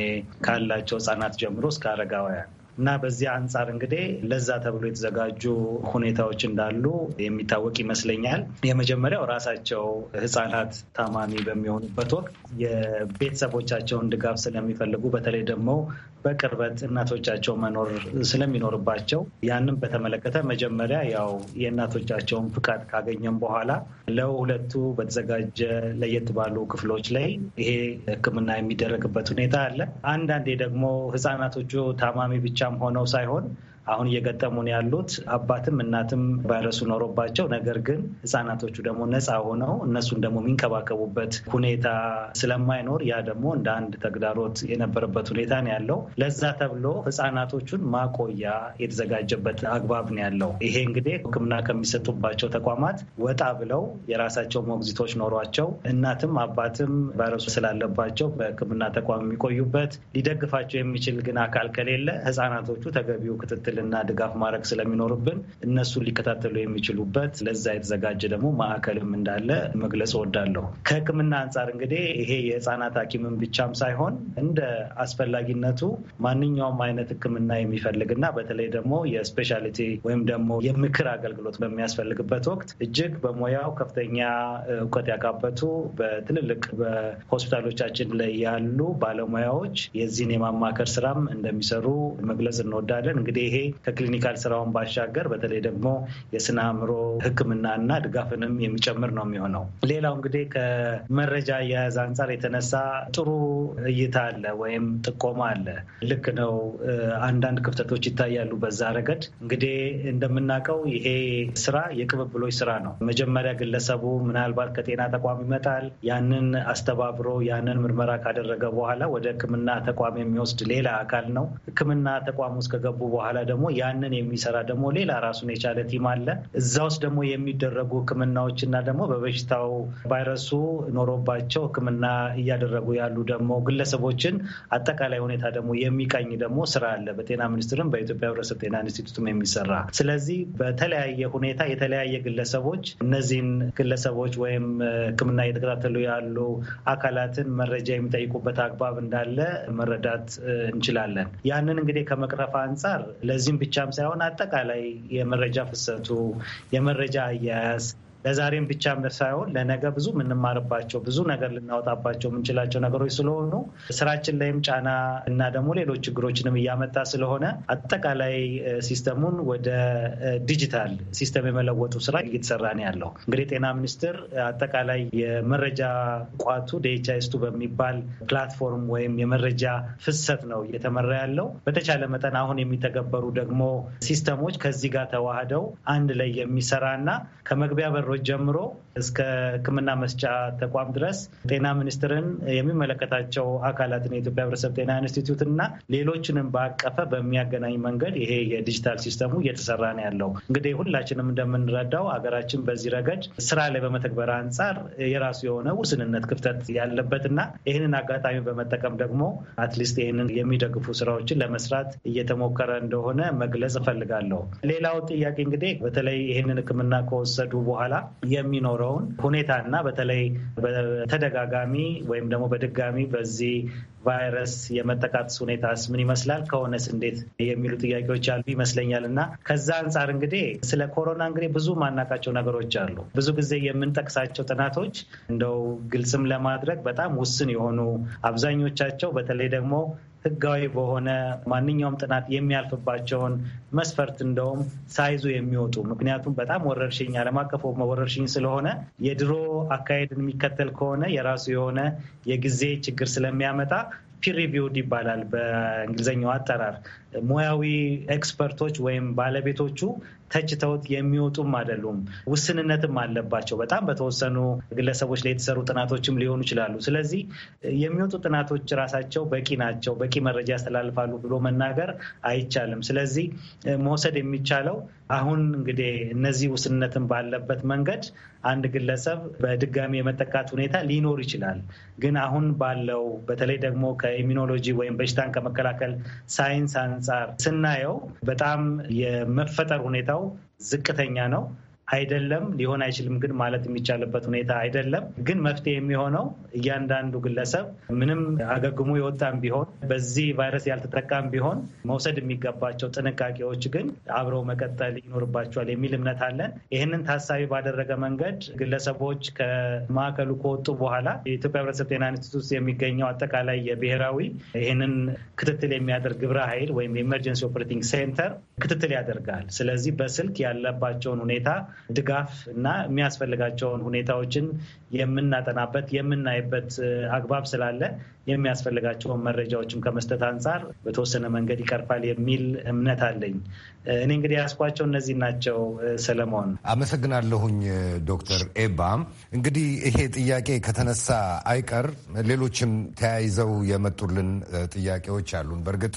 ካላቸው ህጻናት ጀምሮ እስከ አረጋውያን እና በዚህ አንጻር እንግዲህ ለዛ ተብሎ የተዘጋጁ ሁኔታዎች እንዳሉ የሚታወቅ ይመስለኛል። የመጀመሪያው ራሳቸው ህጻናት ታማሚ በሚሆኑበት ወቅት የቤተሰቦቻቸውን ድጋፍ ስለሚፈልጉ በተለይ ደግሞ በቅርበት እናቶቻቸው መኖር ስለሚኖርባቸው ያንን በተመለከተ መጀመሪያ ያው የእናቶቻቸውን ፍቃድ ካገኘም በኋላ ለሁለቱ በተዘጋጀ ለየት ባሉ ክፍሎች ላይ ይሄ ሕክምና የሚደረግበት ሁኔታ አለ። አንዳንዴ ደግሞ ሕፃናቶቹ ታማሚ ብቻም ሆነው ሳይሆን አሁን እየገጠሙን ያሉት አባትም እናትም ቫይረሱ ኖሮባቸው ነገር ግን ህጻናቶቹ ደግሞ ነፃ ሆነው እነሱን ደግሞ የሚንከባከቡበት ሁኔታ ስለማይኖር ያ ደግሞ እንደ አንድ ተግዳሮት የነበረበት ሁኔታ ነው ያለው። ለዛ ተብሎ ህጻናቶቹን ማቆያ የተዘጋጀበት አግባብ ነው ያለው። ይሄ እንግዲህ ሕክምና ከሚሰጡባቸው ተቋማት ወጣ ብለው የራሳቸው ሞግዚቶች ኖሯቸው እናትም አባትም ቫይረሱ ስላለባቸው በሕክምና ተቋም የሚቆዩበት ሊደግፋቸው የሚችል ግን አካል ከሌለ ህጻናቶቹ ተገቢው ክትትል ክትትልና ድጋፍ ማድረግ ስለሚኖርብን እነሱን ሊከታተሉ የሚችሉበት ለዛ የተዘጋጀ ደግሞ ማዕከልም እንዳለ መግለጽ እወዳለሁ። ከህክምና አንጻር እንግዲህ ይሄ የህፃናት ሐኪምን ብቻም ሳይሆን እንደ አስፈላጊነቱ ማንኛውም አይነት ህክምና የሚፈልግና በተለይ ደግሞ የስፔሻሊቲ ወይም ደግሞ የምክር አገልግሎት በሚያስፈልግበት ወቅት እጅግ በሙያው ከፍተኛ እውቀት ያካበቱ በትልልቅ በሆስፒታሎቻችን ላይ ያሉ ባለሙያዎች የዚህን የማማከር ስራም እንደሚሰሩ መግለጽ እንወዳለን። እንግዲህ ይሄ ከክሊኒካል ስራውን ባሻገር በተለይ ደግሞ የስነ አእምሮ ሕክምናና ድጋፍንም የሚጨምር ነው የሚሆነው። ሌላው እንግዲህ ከመረጃ አያያዝ አንጻር የተነሳ ጥሩ እይታ አለ ወይም ጥቆማ አለ። ልክ ነው። አንዳንድ ክፍተቶች ይታያሉ በዛ ረገድ። እንግዲህ እንደምናውቀው ይሄ ስራ የቅብብሎች ስራ ነው። መጀመሪያ ግለሰቡ ምናልባት ከጤና ተቋም ይመጣል። ያንን አስተባብሮ ያንን ምርመራ ካደረገ በኋላ ወደ ሕክምና ተቋም የሚወስድ ሌላ አካል ነው። ሕክምና ተቋም ውስጥ ከገቡ በኋላ ደግሞ ያንን የሚሰራ ደግሞ ሌላ ራሱን የቻለ ቲም አለ። እዛ ውስጥ ደግሞ የሚደረጉ ህክምናዎች እና ደግሞ በበሽታው ቫይረሱ ኖሮባቸው ህክምና እያደረጉ ያሉ ደግሞ ግለሰቦችን አጠቃላይ ሁኔታ ደግሞ የሚቀኝ ደግሞ ስራ አለ በጤና ሚኒስቴርም በኢትዮጵያ ሕብረተሰብ ጤና ኢንስቲቱትም የሚሰራ ስለዚህ በተለያየ ሁኔታ የተለያየ ግለሰቦች እነዚህን ግለሰቦች ወይም ህክምና እየተከታተሉ ያሉ አካላትን መረጃ የሚጠይቁበት አግባብ እንዳለ መረዳት እንችላለን። ያንን እንግዲህ ከመቅረፍ አንጻር እዚህም ብቻም ሳይሆን አጠቃላይ የመረጃ ፍሰቱ፣ የመረጃ አያያዝ ለዛሬም ብቻ ሳይሆን ለነገ ብዙ የምንማርባቸው ብዙ ነገር ልናወጣባቸው የምንችላቸው ነገሮች ስለሆኑ ስራችን ላይም ጫና እና ደግሞ ሌሎች ችግሮችንም እያመጣ ስለሆነ አጠቃላይ ሲስተሙን ወደ ዲጂታል ሲስተም የመለወጡ ስራ እየተሰራ ነው ያለው። እንግዲህ ጤና ሚኒስቴር አጠቃላይ የመረጃ ቋቱ ዲኤችአይስቱ በሚባል ፕላትፎርም ወይም የመረጃ ፍሰት ነው እየተመራ ያለው። በተቻለ መጠን አሁን የሚተገበሩ ደግሞ ሲስተሞች ከዚህ ጋር ተዋህደው አንድ ላይ የሚሰራ እና ከመግቢያ በሮ ዶክተሮች ጀምሮ እስከ ሕክምና መስጫ ተቋም ድረስ ጤና ሚኒስቴርን የሚመለከታቸው አካላትን የኢትዮጵያ ሕብረተሰብ ጤና ኢንስቲትዩት እና ሌሎችንም ባቀፈ በሚያገናኝ መንገድ ይሄ የዲጂታል ሲስተሙ እየተሰራ ነው ያለው። እንግዲህ ሁላችንም እንደምንረዳው አገራችን በዚህ ረገድ ስራ ላይ በመተግበር አንጻር የራሱ የሆነ ውስንነት ክፍተት ያለበት እና ይህንን አጋጣሚ በመጠቀም ደግሞ አትሊስት ይህንን የሚደግፉ ስራዎችን ለመስራት እየተሞከረ እንደሆነ መግለጽ እፈልጋለሁ። ሌላው ጥያቄ እንግዲህ በተለይ ይህንን ሕክምና ከወሰዱ በኋላ የሚኖረውን ሁኔታና በተለይ በተደጋጋሚ ወይም ደግሞ በድጋሚ በዚህ ቫይረስ የመጠቃት ሁኔታስ ምን ይመስላል ከሆነስ እንዴት የሚሉ ጥያቄዎች አሉ ይመስለኛል። እና ከዛ አንጻር እንግዲህ ስለ ኮሮና እንግዲህ ብዙ ማናቃቸው ነገሮች አሉ። ብዙ ጊዜ የምንጠቅሳቸው ጥናቶች እንደው ግልጽም ለማድረግ በጣም ውስን የሆኑ አብዛኞቻቸው በተለይ ደግሞ ህጋዊ በሆነ ማንኛውም ጥናት የሚያልፍባቸውን መስፈርት እንደውም ሳይዙ የሚወጡ ምክንያቱም በጣም ወረርሽኝ ዓለም አቀፍ ወረርሽኝ ስለሆነ የድሮ አካሄድን የሚከተል ከሆነ የራሱ የሆነ የጊዜ ችግር ስለሚያመጣ ፒር ሪቪውድ ይባላል በእንግሊዝኛው አጠራር። ሙያዊ ኤክስፐርቶች ወይም ባለቤቶቹ ተችተውት የሚወጡም አይደሉም። ውስንነትም አለባቸው። በጣም በተወሰኑ ግለሰቦች ላይ የተሰሩ ጥናቶችም ሊሆኑ ይችላሉ። ስለዚህ የሚወጡ ጥናቶች ራሳቸው በቂ ናቸው፣ በቂ መረጃ ያስተላልፋሉ ብሎ መናገር አይቻልም። ስለዚህ መውሰድ የሚቻለው አሁን እንግዲህ እነዚህ ውስንነትን ባለበት መንገድ አንድ ግለሰብ በድጋሚ የመጠቃት ሁኔታ ሊኖር ይችላል። ግን አሁን ባለው በተለይ ደግሞ ከኢሚኖሎጂ ወይም በሽታን ከመከላከል ሳይንስ አንጻር ስናየው በጣም የመፈጠር ሁኔታው ዝቅተኛ ነው። አይደለም፣ ሊሆን አይችልም ግን ማለት የሚቻልበት ሁኔታ አይደለም። ግን መፍትሄ የሚሆነው እያንዳንዱ ግለሰብ ምንም አገግሞ የወጣም ቢሆን በዚህ ቫይረስ ያልተጠቃም ቢሆን መውሰድ የሚገባቸው ጥንቃቄዎች ግን አብረው መቀጠል ይኖርባቸዋል የሚል እምነት አለን። ይህንን ታሳቢ ባደረገ መንገድ ግለሰቦች ከማዕከሉ ከወጡ በኋላ የኢትዮጵያ ሕብረተሰብ ጤና ኢንስቲቱት የሚገኘው አጠቃላይ የብሔራዊ ይህንን ክትትል የሚያደርግ ግብረ ኃይል ወይም የኢመርጀንሲ ኦፕሬቲንግ ሴንተር ክትትል ያደርጋል። ስለዚህ በስልክ ያለባቸውን ሁኔታ ድጋፍ እና የሚያስፈልጋቸውን ሁኔታዎችን የምናጠናበት የምናይበት አግባብ ስላለ የሚያስፈልጋቸውን መረጃዎችም ከመስጠት አንጻር በተወሰነ መንገድ ይቀርፋል የሚል እምነት አለኝ። እኔ እንግዲህ ያስኳቸው እነዚህ ናቸው። ሰለሞን አመሰግናለሁኝ። ዶክተር ኤባ እንግዲህ ይሄ ጥያቄ ከተነሳ አይቀር ሌሎችም ተያይዘው የመጡልን ጥያቄዎች አሉን። በእርግጥ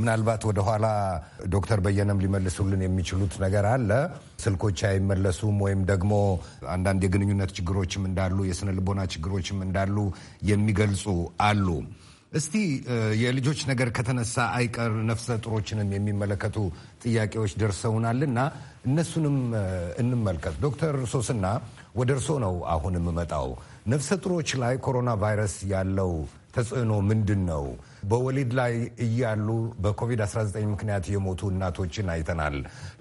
ምናልባት ወደኋላ ዶክተር በየነም ሊመልሱልን የሚችሉት ነገር አለ። ስልኮች አይመለሱም ወይም ደግሞ አንዳንድ የግንኙነት ችግሮችም እንዳሉ የስነ ልቦና ችግሮችም እንዳሉ የሚገልጹ አሉ። አሉ። እስቲ የልጆች ነገር ከተነሳ አይቀር ነፍሰ ጡሮችንም የሚመለከቱ ጥያቄዎች ደርሰውናልና እነሱንም እንመልከት። ዶክተር ሶስና ወደ እርስዎ ነው አሁን የምመጣው። ነፍሰ ጡሮች ላይ ኮሮና ቫይረስ ያለው ተጽዕኖ ምንድን ነው? በወሊድ ላይ እያሉ በኮቪድ-19 ምክንያት የሞቱ እናቶችን አይተናል።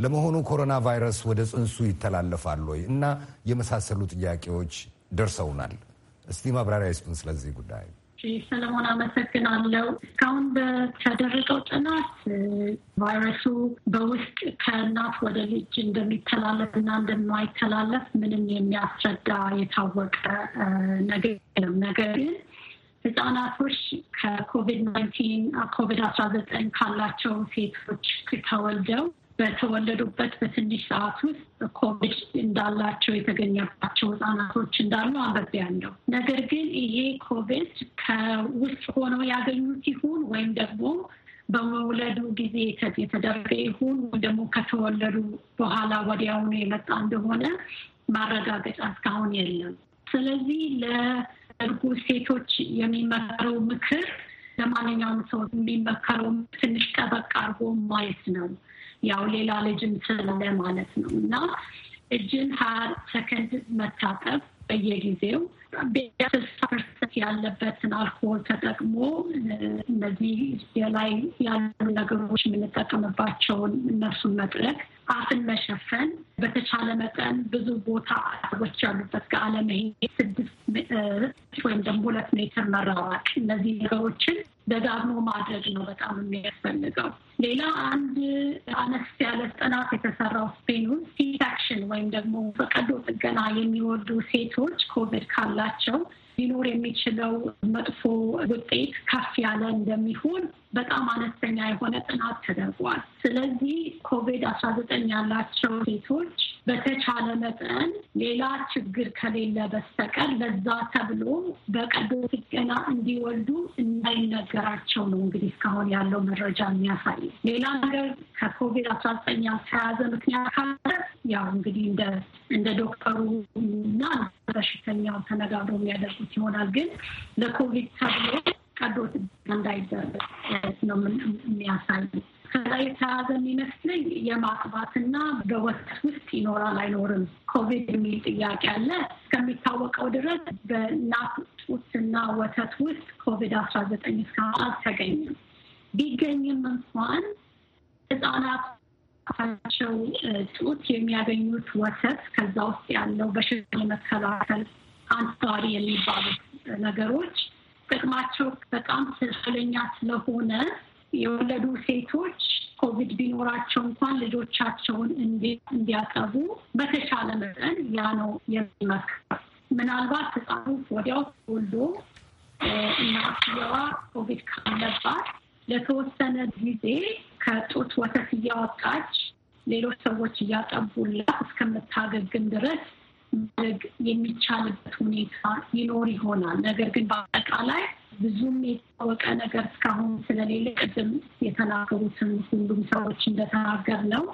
ለመሆኑ ኮሮና ቫይረስ ወደ ጽንሱ ይተላለፋል ወይ እና የመሳሰሉ ጥያቄዎች ደርሰውናል። እስቲ ማብራሪያ ይስጡን ስለዚህ ጉዳይ። ሰለሞን አመሰግናለው። እስካሁን በተደረገው ጥናት ቫይረሱ በውስጥ ከእናት ወደ ልጅ እንደሚተላለፍ እና እንደማይተላለፍ ምንም የሚያስረዳ የታወቀ ነገር የለም። ነገር ግን ህጻናቶች ከኮቪድ ናይንቲን ኮቪድ አስራ ዘጠኝ ካላቸው ሴቶች ተወልደው በተወለዱበት በትንሽ ሰዓት ውስጥ ኮቪድ እንዳላቸው የተገኘባቸው ህጻናቶች እንዳሉ አንብቤያለሁ። ነገር ግን ይሄ ኮቪድ ከውስጥ ሆነው ያገኙት ይሁን ወይም ደግሞ በመውለዱ ጊዜ የተደረገ ይሁን ወይም ደግሞ ከተወለዱ በኋላ ወዲያውኑ የመጣ እንደሆነ ማረጋገጫ እስካሁን የለም። ስለዚህ ለእርጉዝ ሴቶች የሚመከረው ምክር ለማንኛውም ሰው የሚመከረው ትንሽ ጠበቅ አድርጎ ማየት ነው። ያው ሌላ ልጅም ስላለ ማለት ነው እና እጅን ሀያ ሰከንድ መታጠብ በየጊዜው ስልሳ ፐርሰንት ያለበትን አልኮል ተጠቅሞ እነዚህ የላይ ያሉ ነገሮች የምንጠቀምባቸውን እነሱን መጥረግ አፍን መሸፈን በተቻለ መጠን ብዙ ቦታ ሰዎች ያሉበት ጋር ስድስት ወይም ደግሞ ሁለት ሜትር መራዋቅ፣ እነዚህ ነገሮችን ደጋግሞ ማድረግ ነው በጣም የሚያስፈልገው። ሌላ አንድ አነስ ያለ ጥናት የተሰራው ስፔን ውስጥ ወይም ደግሞ በቀዶ ጥገና የሚወልዱ ሴቶች ኮቪድ ካላቸው ሊኖር የሚችለው መጥፎ ውጤት ከፍ ያለ እንደሚሆን በጣም አነስተኛ የሆነ ጥናት ተደርጓል። ስለዚህ ኮቪድ አስራ ዘጠኝ ያላቸው ሴቶች በተቻለ መጠን ሌላ ችግር ከሌለ በስተቀር ለዛ ተብሎ በቀዶ ጥገና እንዲወልዱ እንዳይነገራቸው ነው እንግዲህ እስካሁን ያለው መረጃ የሚያሳይ። ሌላ ነገር ከኮቪድ አስራ ዘጠኝ ያልተያዘ ምክንያት ካለ ያው እንግዲህ እንደ ዶክተሩ እና በሽተኛው ተነጋግሮ የሚያደርጉት ይሆናል። ግን ለኮቪድ ተብሎ ቀዶ ጥገና እንዳይደረግ ነው የሚያሳይ ከዛ የተያዘ የሚመስለኝ የማቅባትና በወተት ውስጥ ይኖራል አይኖርም ኮቪድ የሚል ጥያቄ አለ። እስከሚታወቀው ድረስ በእናት ጡትና ወተት ውስጥ ኮቪድ አስራ ዘጠኝ እስካሁን አልተገኘም። ቢገኝም እንኳን ህጻናት አፋቸው ጡት የሚያገኙት ወተት ከዛ ውስጥ ያለው በሽታ የመከላከል አንስተዋሪ የሚባሉት ነገሮች ጥቅማቸው በጣም ስለኛ ስለሆነ የወለዱ ሴቶች ኮቪድ ቢኖራቸው እንኳን ልጆቻቸውን እንዲያጠቡ በተቻለ መጠን ያ ነው የሚመክ ምናልባት ህፃኑ ወዲያው ተወልዶ እናትየዋ ኮቪድ ካለባት ለተወሰነ ጊዜ ከጡት ወተት እያወጣች ሌሎች ሰዎች እያጠቡላት እስከምታገግም ድረስ ማድረግ የሚቻልበት ሁኔታ ይኖር ይሆናል። ነገር ግን በአጠቃላይ ብዙም የታወቀ ነገር እስካሁን ስለሌለ ቅድም የተናገሩትን ሁሉም ሰዎች እንደተናገር ነው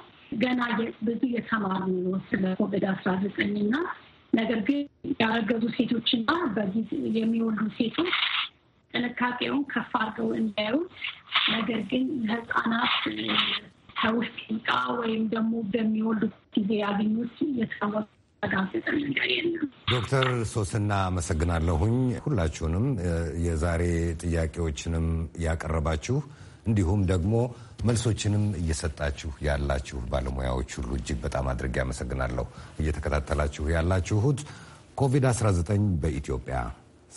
ገና ብዙ የተማሩ ነው ስለ ኮቪድ አስራ ዘጠኝ እና ነገር ግን ያረገዙ ሴቶችና በጊዜ የሚወልዱ ሴቶች ጥንቃቄውን ከፍ አድርገው እንዳዩ ነገር ግን ህጻናት ከውስጥ ይምጣ ወይም ደግሞ በሚወልዱበት ጊዜ ያገኙት የተወ ዶክተር ሶስና አመሰግናለሁኝ። ሁላችሁንም የዛሬ ጥያቄዎችንም ያቀረባችሁ እንዲሁም ደግሞ መልሶችንም እየሰጣችሁ ያላችሁ ባለሙያዎች ሁሉ እጅግ በጣም አድርጌ አመሰግናለሁ። እየተከታተላችሁ ያላችሁት ኮቪድ-19 በኢትዮጵያ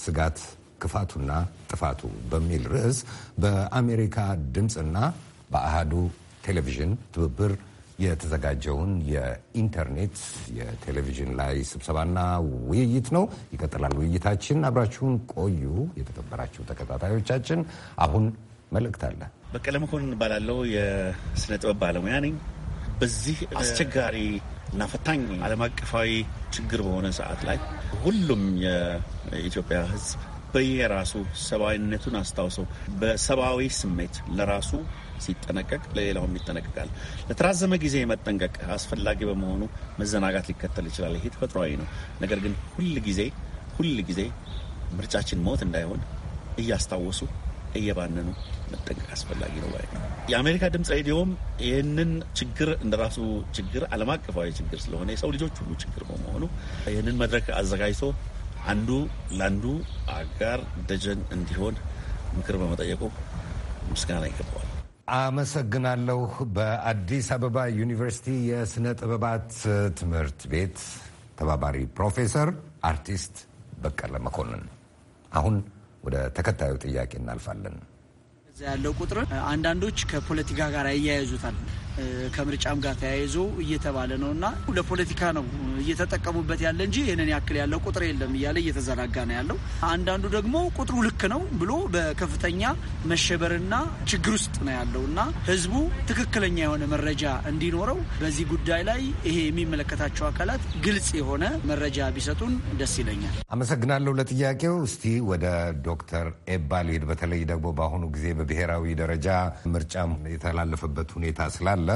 ስጋት ክፋቱና ጥፋቱ በሚል ርዕስ በአሜሪካ ድምፅና በአሃዱ ቴሌቪዥን ትብብር የተዘጋጀውን የኢንተርኔት የቴሌቪዥን ላይ ስብሰባና ውይይት ነው። ይቀጥላል ውይይታችን። አብራችሁን ቆዩ። የተከበራችሁ ተከታታዮቻችን፣ አሁን መልእክት አለ። በቀለ መኮንን እባላለሁ። የስነ ጥበብ ባለሙያ ነኝ። በዚህ አስቸጋሪ እና ፈታኝ ዓለም አቀፋዊ ችግር በሆነ ሰዓት ላይ ሁሉም የኢትዮጵያ ሕዝብ በየራሱ ሰብአዊነቱን አስታውሰው በሰብአዊ ስሜት ለራሱ ሲጠነቀቅ ለሌላውም ይጠነቀቃል። ለተራዘመ ጊዜ መጠንቀቅ አስፈላጊ በመሆኑ መዘናጋት ሊከተል ይችላል። ይሄ ተፈጥሯዊ ነው። ነገር ግን ሁል ጊዜ ሁል ጊዜ ምርጫችን ሞት እንዳይሆን እያስታወሱ እየባነኑ መጠንቀቅ አስፈላጊ ነው ነው። የአሜሪካ ድምፅ ሬዲዮም ይህንን ችግር እንደራሱ ችግር ዓለም አቀፋዊ ችግር ስለሆነ የሰው ልጆች ሁሉ ችግር በመሆኑ ይህንን መድረክ አዘጋጅቶ አንዱ ለአንዱ አጋር ደጀን እንዲሆን ምክር በመጠየቁ ምስጋና ይገባዋል። አመሰግናለሁ። በአዲስ አበባ ዩኒቨርሲቲ የሥነ ጥበባት ትምህርት ቤት ተባባሪ ፕሮፌሰር አርቲስት በቀለ መኮንን። አሁን ወደ ተከታዩ ጥያቄ እናልፋለን። ያለው ቁጥር አንዳንዶች ከፖለቲካ ጋር እያያዙታል ከምርጫም ጋር ተያይዞ እየተባለ ነው እና ለፖለቲካ ነው እየተጠቀሙበት ያለ እንጂ ይህንን ያክል ያለው ቁጥር የለም እያለ እየተዘናጋ ነው ያለው። አንዳንዱ ደግሞ ቁጥሩ ልክ ነው ብሎ በከፍተኛ መሸበርና ችግር ውስጥ ነው ያለው እና ህዝቡ ትክክለኛ የሆነ መረጃ እንዲኖረው በዚህ ጉዳይ ላይ ይሄ የሚመለከታቸው አካላት ግልጽ የሆነ መረጃ ቢሰጡን ደስ ይለኛል። አመሰግናለሁ ለጥያቄው። እስቲ ወደ ዶክተር ኤባ ልሂድ። በተለይ ደግሞ በአሁኑ ጊዜ በብሔራዊ ደረጃ ምርጫም የተላለፈበት ሁኔታ ስላለ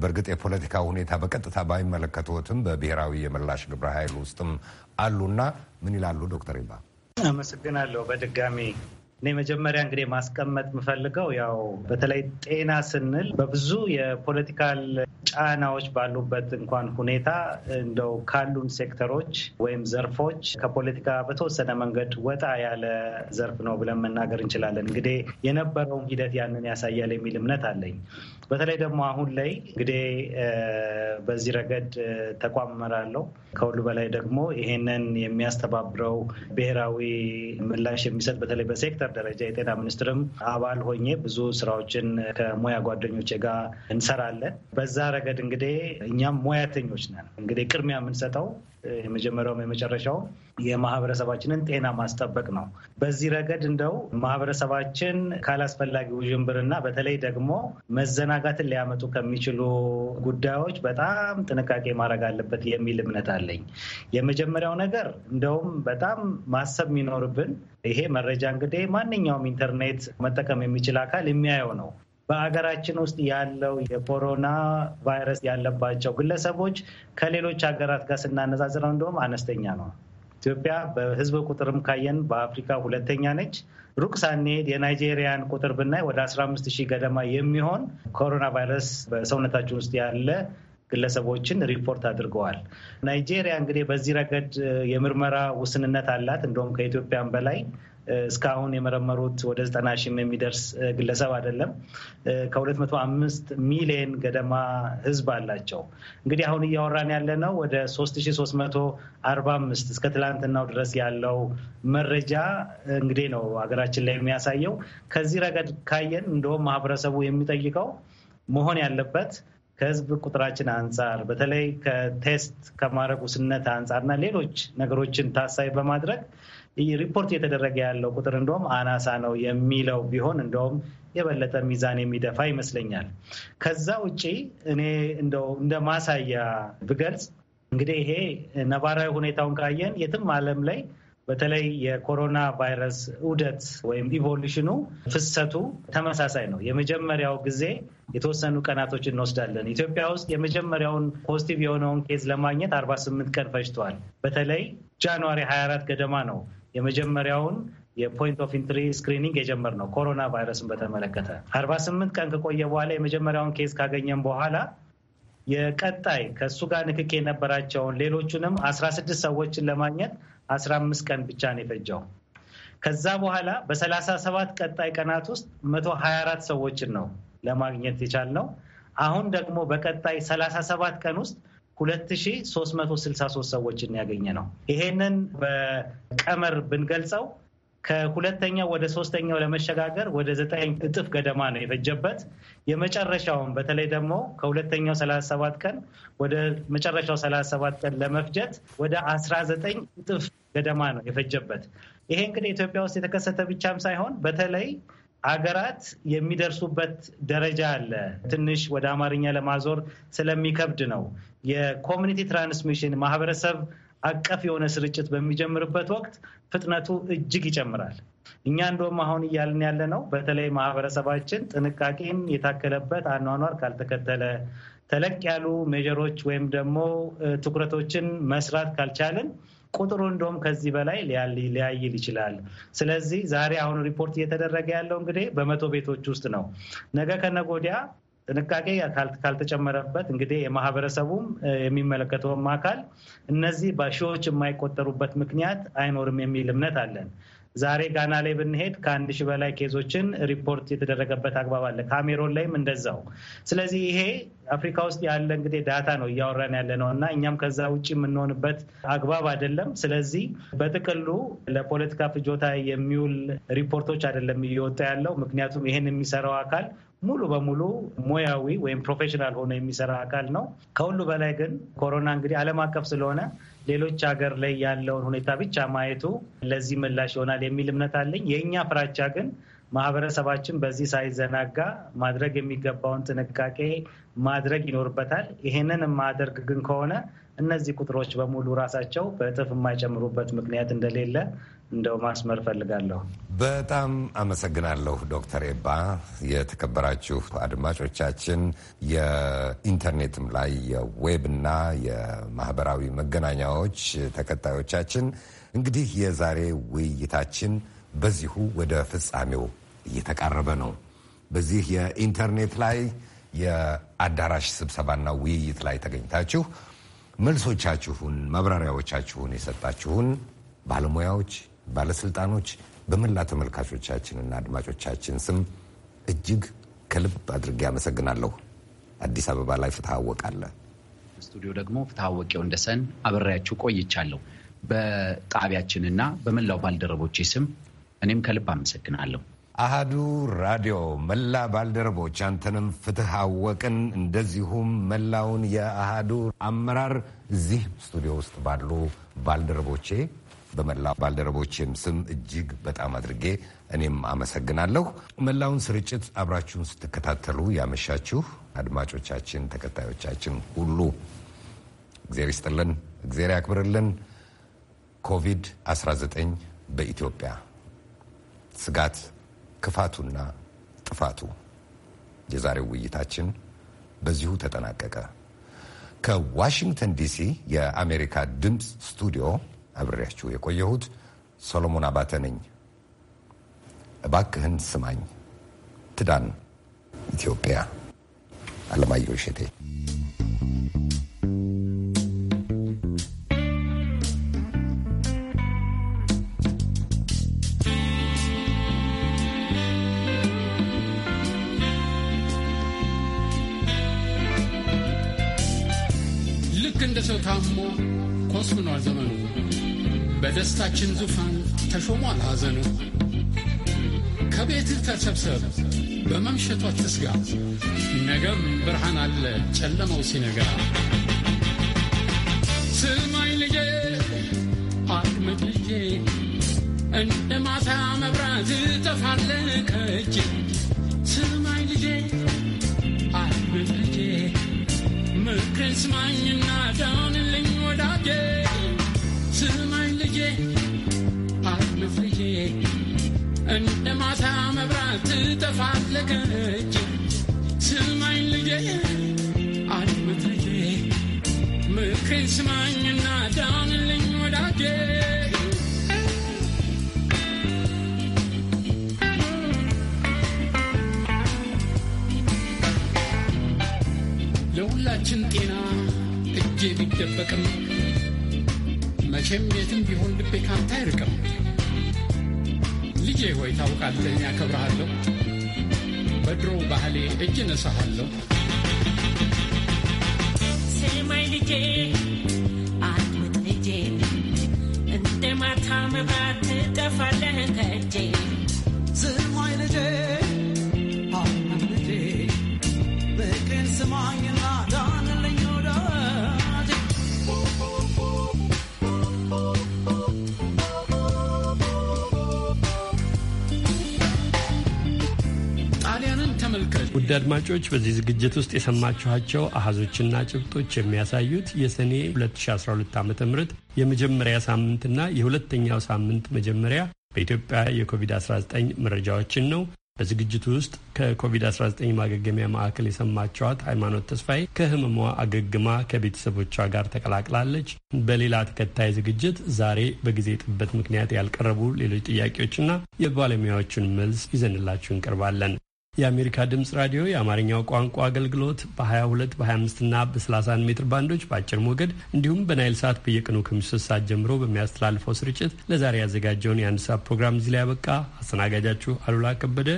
በእርግጥ የፖለቲካ ሁኔታ በቀጥታ ባይመለከተዎትም በብሔራዊ የምላሽ ግብረ ኃይል ውስጥም አሉና ምን ይላሉ ዶክተር ይባ? አመሰግናለሁ። በድጋሚ እኔ መጀመሪያ እንግዲህ ማስቀመጥ የምፈልገው ያው በተለይ ጤና ስንል በብዙ የፖለቲካል ጫናዎች ባሉበት እንኳን ሁኔታ እንደው ካሉን ሴክተሮች ወይም ዘርፎች ከፖለቲካ በተወሰነ መንገድ ወጣ ያለ ዘርፍ ነው ብለን መናገር እንችላለን። እንግዲህ የነበረውን ሂደት ያንን ያሳያል የሚል እምነት አለኝ። በተለይ ደግሞ አሁን ላይ እንግዲህ በዚህ ረገድ ተቋም እመራለሁ። ከሁሉ በላይ ደግሞ ይሄንን የሚያስተባብረው ብሔራዊ ምላሽ የሚሰጥ በተለይ በሴክተር ደረጃ የጤና ሚኒስትርም አባል ሆኜ ብዙ ስራዎችን ከሙያ ጓደኞቼ ጋር እንሰራለን። በዛ ረገድ እንግዲህ እኛም ሙያተኞች ነን። እንግዲህ ቅድሚያ የምንሰጠው የመጀመሪያውም የመጨረሻው የማህበረሰባችንን ጤና ማስጠበቅ ነው። በዚህ ረገድ እንደው ማህበረሰባችን ካላስፈላጊ ውዥንብርና በተለይ ደግሞ መዘናጋትን ሊያመጡ ከሚችሉ ጉዳዮች በጣም ጥንቃቄ ማድረግ አለበት የሚል እምነት አለኝ። የመጀመሪያው ነገር እንደውም በጣም ማሰብ የሚኖርብን ይሄ መረጃ እንግዲህ ማንኛውም ኢንተርኔት መጠቀም የሚችል አካል የሚያየው ነው። በሀገራችን ውስጥ ያለው የኮሮና ቫይረስ ያለባቸው ግለሰቦች ከሌሎች ሀገራት ጋር ስናነጻጽረው እንደውም አነስተኛ ነው። ኢትዮጵያ በህዝብ ቁጥርም ካየን በአፍሪካ ሁለተኛ ነች። ሩቅ ሳንሄድ የናይጄሪያን ቁጥር ብናይ ወደ 15 ሺህ ገደማ የሚሆን ኮሮና ቫይረስ በሰውነታችን ውስጥ ያለ ግለሰቦችን ሪፖርት አድርገዋል። ናይጄሪያ እንግዲህ በዚህ ረገድ የምርመራ ውስንነት አላት። እንደውም ከኢትዮጵያን በላይ እስካሁን የመረመሩት ወደ ዘጠና ሺህ የሚደርስ ግለሰብ አይደለም። ከሁለት መቶ አምስት ሚሊየን ገደማ ህዝብ አላቸው። እንግዲህ አሁን እያወራን ያለ ነው ወደ ሶስት ሺህ ሶስት መቶ አርባ አምስት እስከ ትላንትናው ድረስ ያለው መረጃ እንግዲህ ነው ሀገራችን ላይ የሚያሳየው። ከዚህ ረገድ ካየን እንደውም ማህበረሰቡ የሚጠይቀው መሆን ያለበት ከህዝብ ቁጥራችን አንጻር በተለይ ከቴስት ከማድረግ ውስነት አንጻርና ሌሎች ነገሮችን ታሳቢ በማድረግ ሪፖርት እየተደረገ ያለው ቁጥር እንደውም አናሳ ነው የሚለው ቢሆን እንደውም የበለጠ ሚዛን የሚደፋ ይመስለኛል። ከዛ ውጪ እኔ እንደው እንደ ማሳያ ብገልጽ እንግዲህ ይሄ ነባራዊ ሁኔታውን ካየን የትም ዓለም ላይ በተለይ የኮሮና ቫይረስ ዑደት ወይም ኢቮሉሽኑ ፍሰቱ ተመሳሳይ ነው። የመጀመሪያው ጊዜ የተወሰኑ ቀናቶች እንወስዳለን። ኢትዮጵያ ውስጥ የመጀመሪያውን ፖዚቲቭ የሆነውን ኬዝ ለማግኘት 48 ቀን ፈጅቷል። በተለይ ጃንዋሪ 24 ገደማ ነው የመጀመሪያውን የፖይንት ኦፍ ኢንትሪ ስክሪኒንግ የጀመር ነው። ኮሮና ቫይረስን በተመለከተ አርባ ስምንት ቀን ከቆየ በኋላ የመጀመሪያውን ኬዝ ካገኘም በኋላ የቀጣይ ከእሱ ጋር ንክክ የነበራቸውን ሌሎቹንም አስራ ስድስት ሰዎችን ለማግኘት አስራ አምስት ቀን ብቻ ነው የፈጀው። ከዛ በኋላ በሰላሳ ሰባት ቀጣይ ቀናት ውስጥ መቶ ሀያ አራት ሰዎችን ነው ለማግኘት የቻልነው። አሁን ደግሞ በቀጣይ ሰላሳ ሰባት ቀን ውስጥ 2363 ሰዎችን ያገኘ ነው። ይሄንን በቀመር ብንገልጸው ከሁለተኛው ወደ ሶስተኛው ለመሸጋገር ወደ ዘጠኝ እጥፍ ገደማ ነው የፈጀበት። የመጨረሻውን በተለይ ደግሞ ከሁለተኛው 37 ቀን ወደ መጨረሻው 37 ቀን ለመፍጀት ወደ 19 እጥፍ ገደማ ነው የፈጀበት። ይሄ እንግዲህ ኢትዮጵያ ውስጥ የተከሰተ ብቻም ሳይሆን በተለይ አገራት የሚደርሱበት ደረጃ አለ። ትንሽ ወደ አማርኛ ለማዞር ስለሚከብድ ነው። የኮሚኒቲ ትራንስሚሽን ማህበረሰብ አቀፍ የሆነ ስርጭት በሚጀምርበት ወቅት ፍጥነቱ እጅግ ይጨምራል። እኛ እንደውም አሁን እያልን ያለ ነው። በተለይ ማህበረሰባችን ጥንቃቄን የታከለበት አኗኗር ካልተከተለ፣ ተለቅ ያሉ ሜጀሮች ወይም ደግሞ ትኩረቶችን መስራት ካልቻልን ቁጥሩ እንደውም ከዚህ በላይ ሊያይል ይችላል። ስለዚህ ዛሬ አሁን ሪፖርት እየተደረገ ያለው እንግዲህ በመቶ ቤቶች ውስጥ ነው። ነገ ከነጎዲያ ጥንቃቄ ካልተጨመረበት እንግዲህ የማህበረሰቡም የሚመለከተውም አካል እነዚህ በሺዎች የማይቆጠሩበት ምክንያት አይኖርም የሚል እምነት አለን። ዛሬ ጋና ላይ ብንሄድ ከአንድ ሺህ በላይ ኬዞችን ሪፖርት የተደረገበት አግባብ አለ። ካሜሮን ላይም እንደዛው። ስለዚህ ይሄ አፍሪካ ውስጥ ያለ እንግዲህ ዳታ ነው እያወራን ያለ ነው እና እኛም ከዛ ውጭ የምንሆንበት አግባብ አይደለም። ስለዚህ በጥቅሉ ለፖለቲካ ፍጆታ የሚውል ሪፖርቶች አይደለም እየወጣ ያለው። ምክንያቱም ይሄን የሚሰራው አካል ሙሉ በሙሉ ሙያዊ ወይም ፕሮፌሽናል ሆኖ የሚሰራ አካል ነው። ከሁሉ በላይ ግን ኮሮና እንግዲህ ዓለም አቀፍ ስለሆነ ሌሎች ሀገር ላይ ያለውን ሁኔታ ብቻ ማየቱ ለዚህ ምላሽ ይሆናል የሚል እምነት አለኝ። የእኛ ፍራቻ ግን ማህበረሰባችን በዚህ ሳይዘናጋ ማድረግ የሚገባውን ጥንቃቄ ማድረግ ይኖርበታል። ይሄንን የማደርግ ግን ከሆነ እነዚህ ቁጥሮች በሙሉ ራሳቸው በእጥፍ የማይጨምሩበት ምክንያት እንደሌለ እንደው ማስመር ፈልጋለሁ። በጣም አመሰግናለሁ ዶክተር ኤባ። የተከበራችሁ አድማጮቻችን የኢንተርኔትም ላይ የዌብና የማህበራዊ መገናኛዎች ተከታዮቻችን እንግዲህ የዛሬ ውይይታችን በዚሁ ወደ ፍጻሜው እየተቃረበ ነው። በዚህ የኢንተርኔት ላይ የአዳራሽ ስብሰባና ውይይት ላይ ተገኝታችሁ መልሶቻችሁን፣ ማብራሪያዎቻችሁን የሰጣችሁን ባለሙያዎች፣ ባለስልጣኖች በመላ ተመልካቾቻችንና አድማጮቻችን ስም እጅግ ከልብ አድርጌ አመሰግናለሁ። አዲስ አበባ ላይ ፍትሐ ወቅ አለ። ስቱዲዮ ደግሞ ፍትሐ ወቂው እንደሰን አብሬያችሁ ቆይቻለሁ። በጣቢያችንና በመላው ባልደረቦች ስም እኔም ከልብ አመሰግናለሁ። አሃዱ ራዲዮ መላ ባልደረቦች አንተንም ፍትህ አወቅን እንደዚሁም መላውን የአሃዱ አመራር እዚህ ስቱዲዮ ውስጥ ባሉ ባልደረቦቼ በመላ ባልደረቦቼም ስም እጅግ በጣም አድርጌ እኔም አመሰግናለሁ። መላውን ስርጭት አብራችሁን ስትከታተሉ ያመሻችሁ አድማጮቻችን፣ ተከታዮቻችን ሁሉ እግዜር ይስጥልን፣ እግዜር ያክብርልን። ኮቪድ-19 በኢትዮጵያ ስጋት ክፋቱና ጥፋቱ። የዛሬው ውይይታችን በዚሁ ተጠናቀቀ። ከዋሽንግተን ዲሲ የአሜሪካ ድምፅ ስቱዲዮ አብሬያችሁ የቆየሁት ሰሎሞን አባተ ነኝ። እባክህን ስማኝ ትዳን ኢትዮጵያ አለማየሁ እሸቴ ሰው ታሞ ኮስምኗል ዘመኑ። በደስታችን ዙፋን ተሾሟል ሐዘኑ። ከቤትህ ተሰብሰብ በመምሸቷ ትስጋ፣ ነገም ብርሃን አለ ጨለመው ሲነጋ። ስማኝ ልጄ አድምጥ ልጄ እንደ ማታ መብራት ጠፋለ ከእጅ ስማኝ ልጄ አድምድ እባክህ ስማኝና ዳንልኝ ወዳጄ ስማኝ ልጄ አርምፍ እንደ ማታ መብራት ጠፋለቀች ስማኝ ልጄ አድምጥ ልጄ ስማኝና ዳ አይደበቅም። መቼም የትም ቢሆን ልቤ ካንተ አይርቅም። ልጄ ሆይ ታውቃለህ፣ ያከብረሃለሁ። በድሮው ባህሌ እጅ ነሳሃለሁ። ስማይ ልጄ አትሙት ልጄ፣ እንደ ማታ መብራት ጠፋለህ ከእጄ ውድ አድማጮች በዚህ ዝግጅት ውስጥ የሰማችኋቸው አሀዞችና ጭብጦች የሚያሳዩት የሰኔ 2012 ዓ ም የመጀመሪያ ሳምንትና የሁለተኛው ሳምንት መጀመሪያ በኢትዮጵያ የኮቪድ-19 መረጃዎችን ነው። በዝግጅቱ ውስጥ ከኮቪድ-19 ማገገሚያ ማዕከል የሰማችኋት ሃይማኖት ተስፋዬ ከህመሟ አገግማ ከቤተሰቦቿ ጋር ተቀላቅላለች። በሌላ ተከታይ ዝግጅት ዛሬ በጊዜ ጥበት ምክንያት ያልቀረቡ ሌሎች ጥያቄዎችና የባለሙያዎቹን መልስ ይዘንላችሁ እንቀርባለን። የአሜሪካ ድምፅ ራዲዮ የአማርኛው ቋንቋ አገልግሎት በ22 በ25ና በ31 ሜትር ባንዶች በአጭር ሞገድ እንዲሁም በናይል ሰዓት በየቀኑ ከምሽቱ ሰዓት ጀምሮ በሚያስተላልፈው ስርጭት ለዛሬ ያዘጋጀውን የአንድ ሰዓት ፕሮግራም እዚህ ላይ ያበቃ። አስተናጋጃችሁ አሉላ ከበደ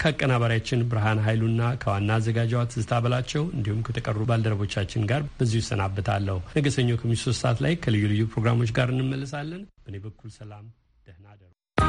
ከአቀናባሪያችን ብርሃን ኃይሉና ከዋና አዘጋጇ ትዝታ በላቸው እንዲሁም ከተቀሩ ባልደረቦቻችን ጋር በዚሁ ይሰናበታለሁ። ነገ ሰኞ ከምሽቱ ሰዓት ላይ ከልዩ ልዩ ፕሮግራሞች ጋር እንመለሳለን። በእኔ በኩል ሰላም።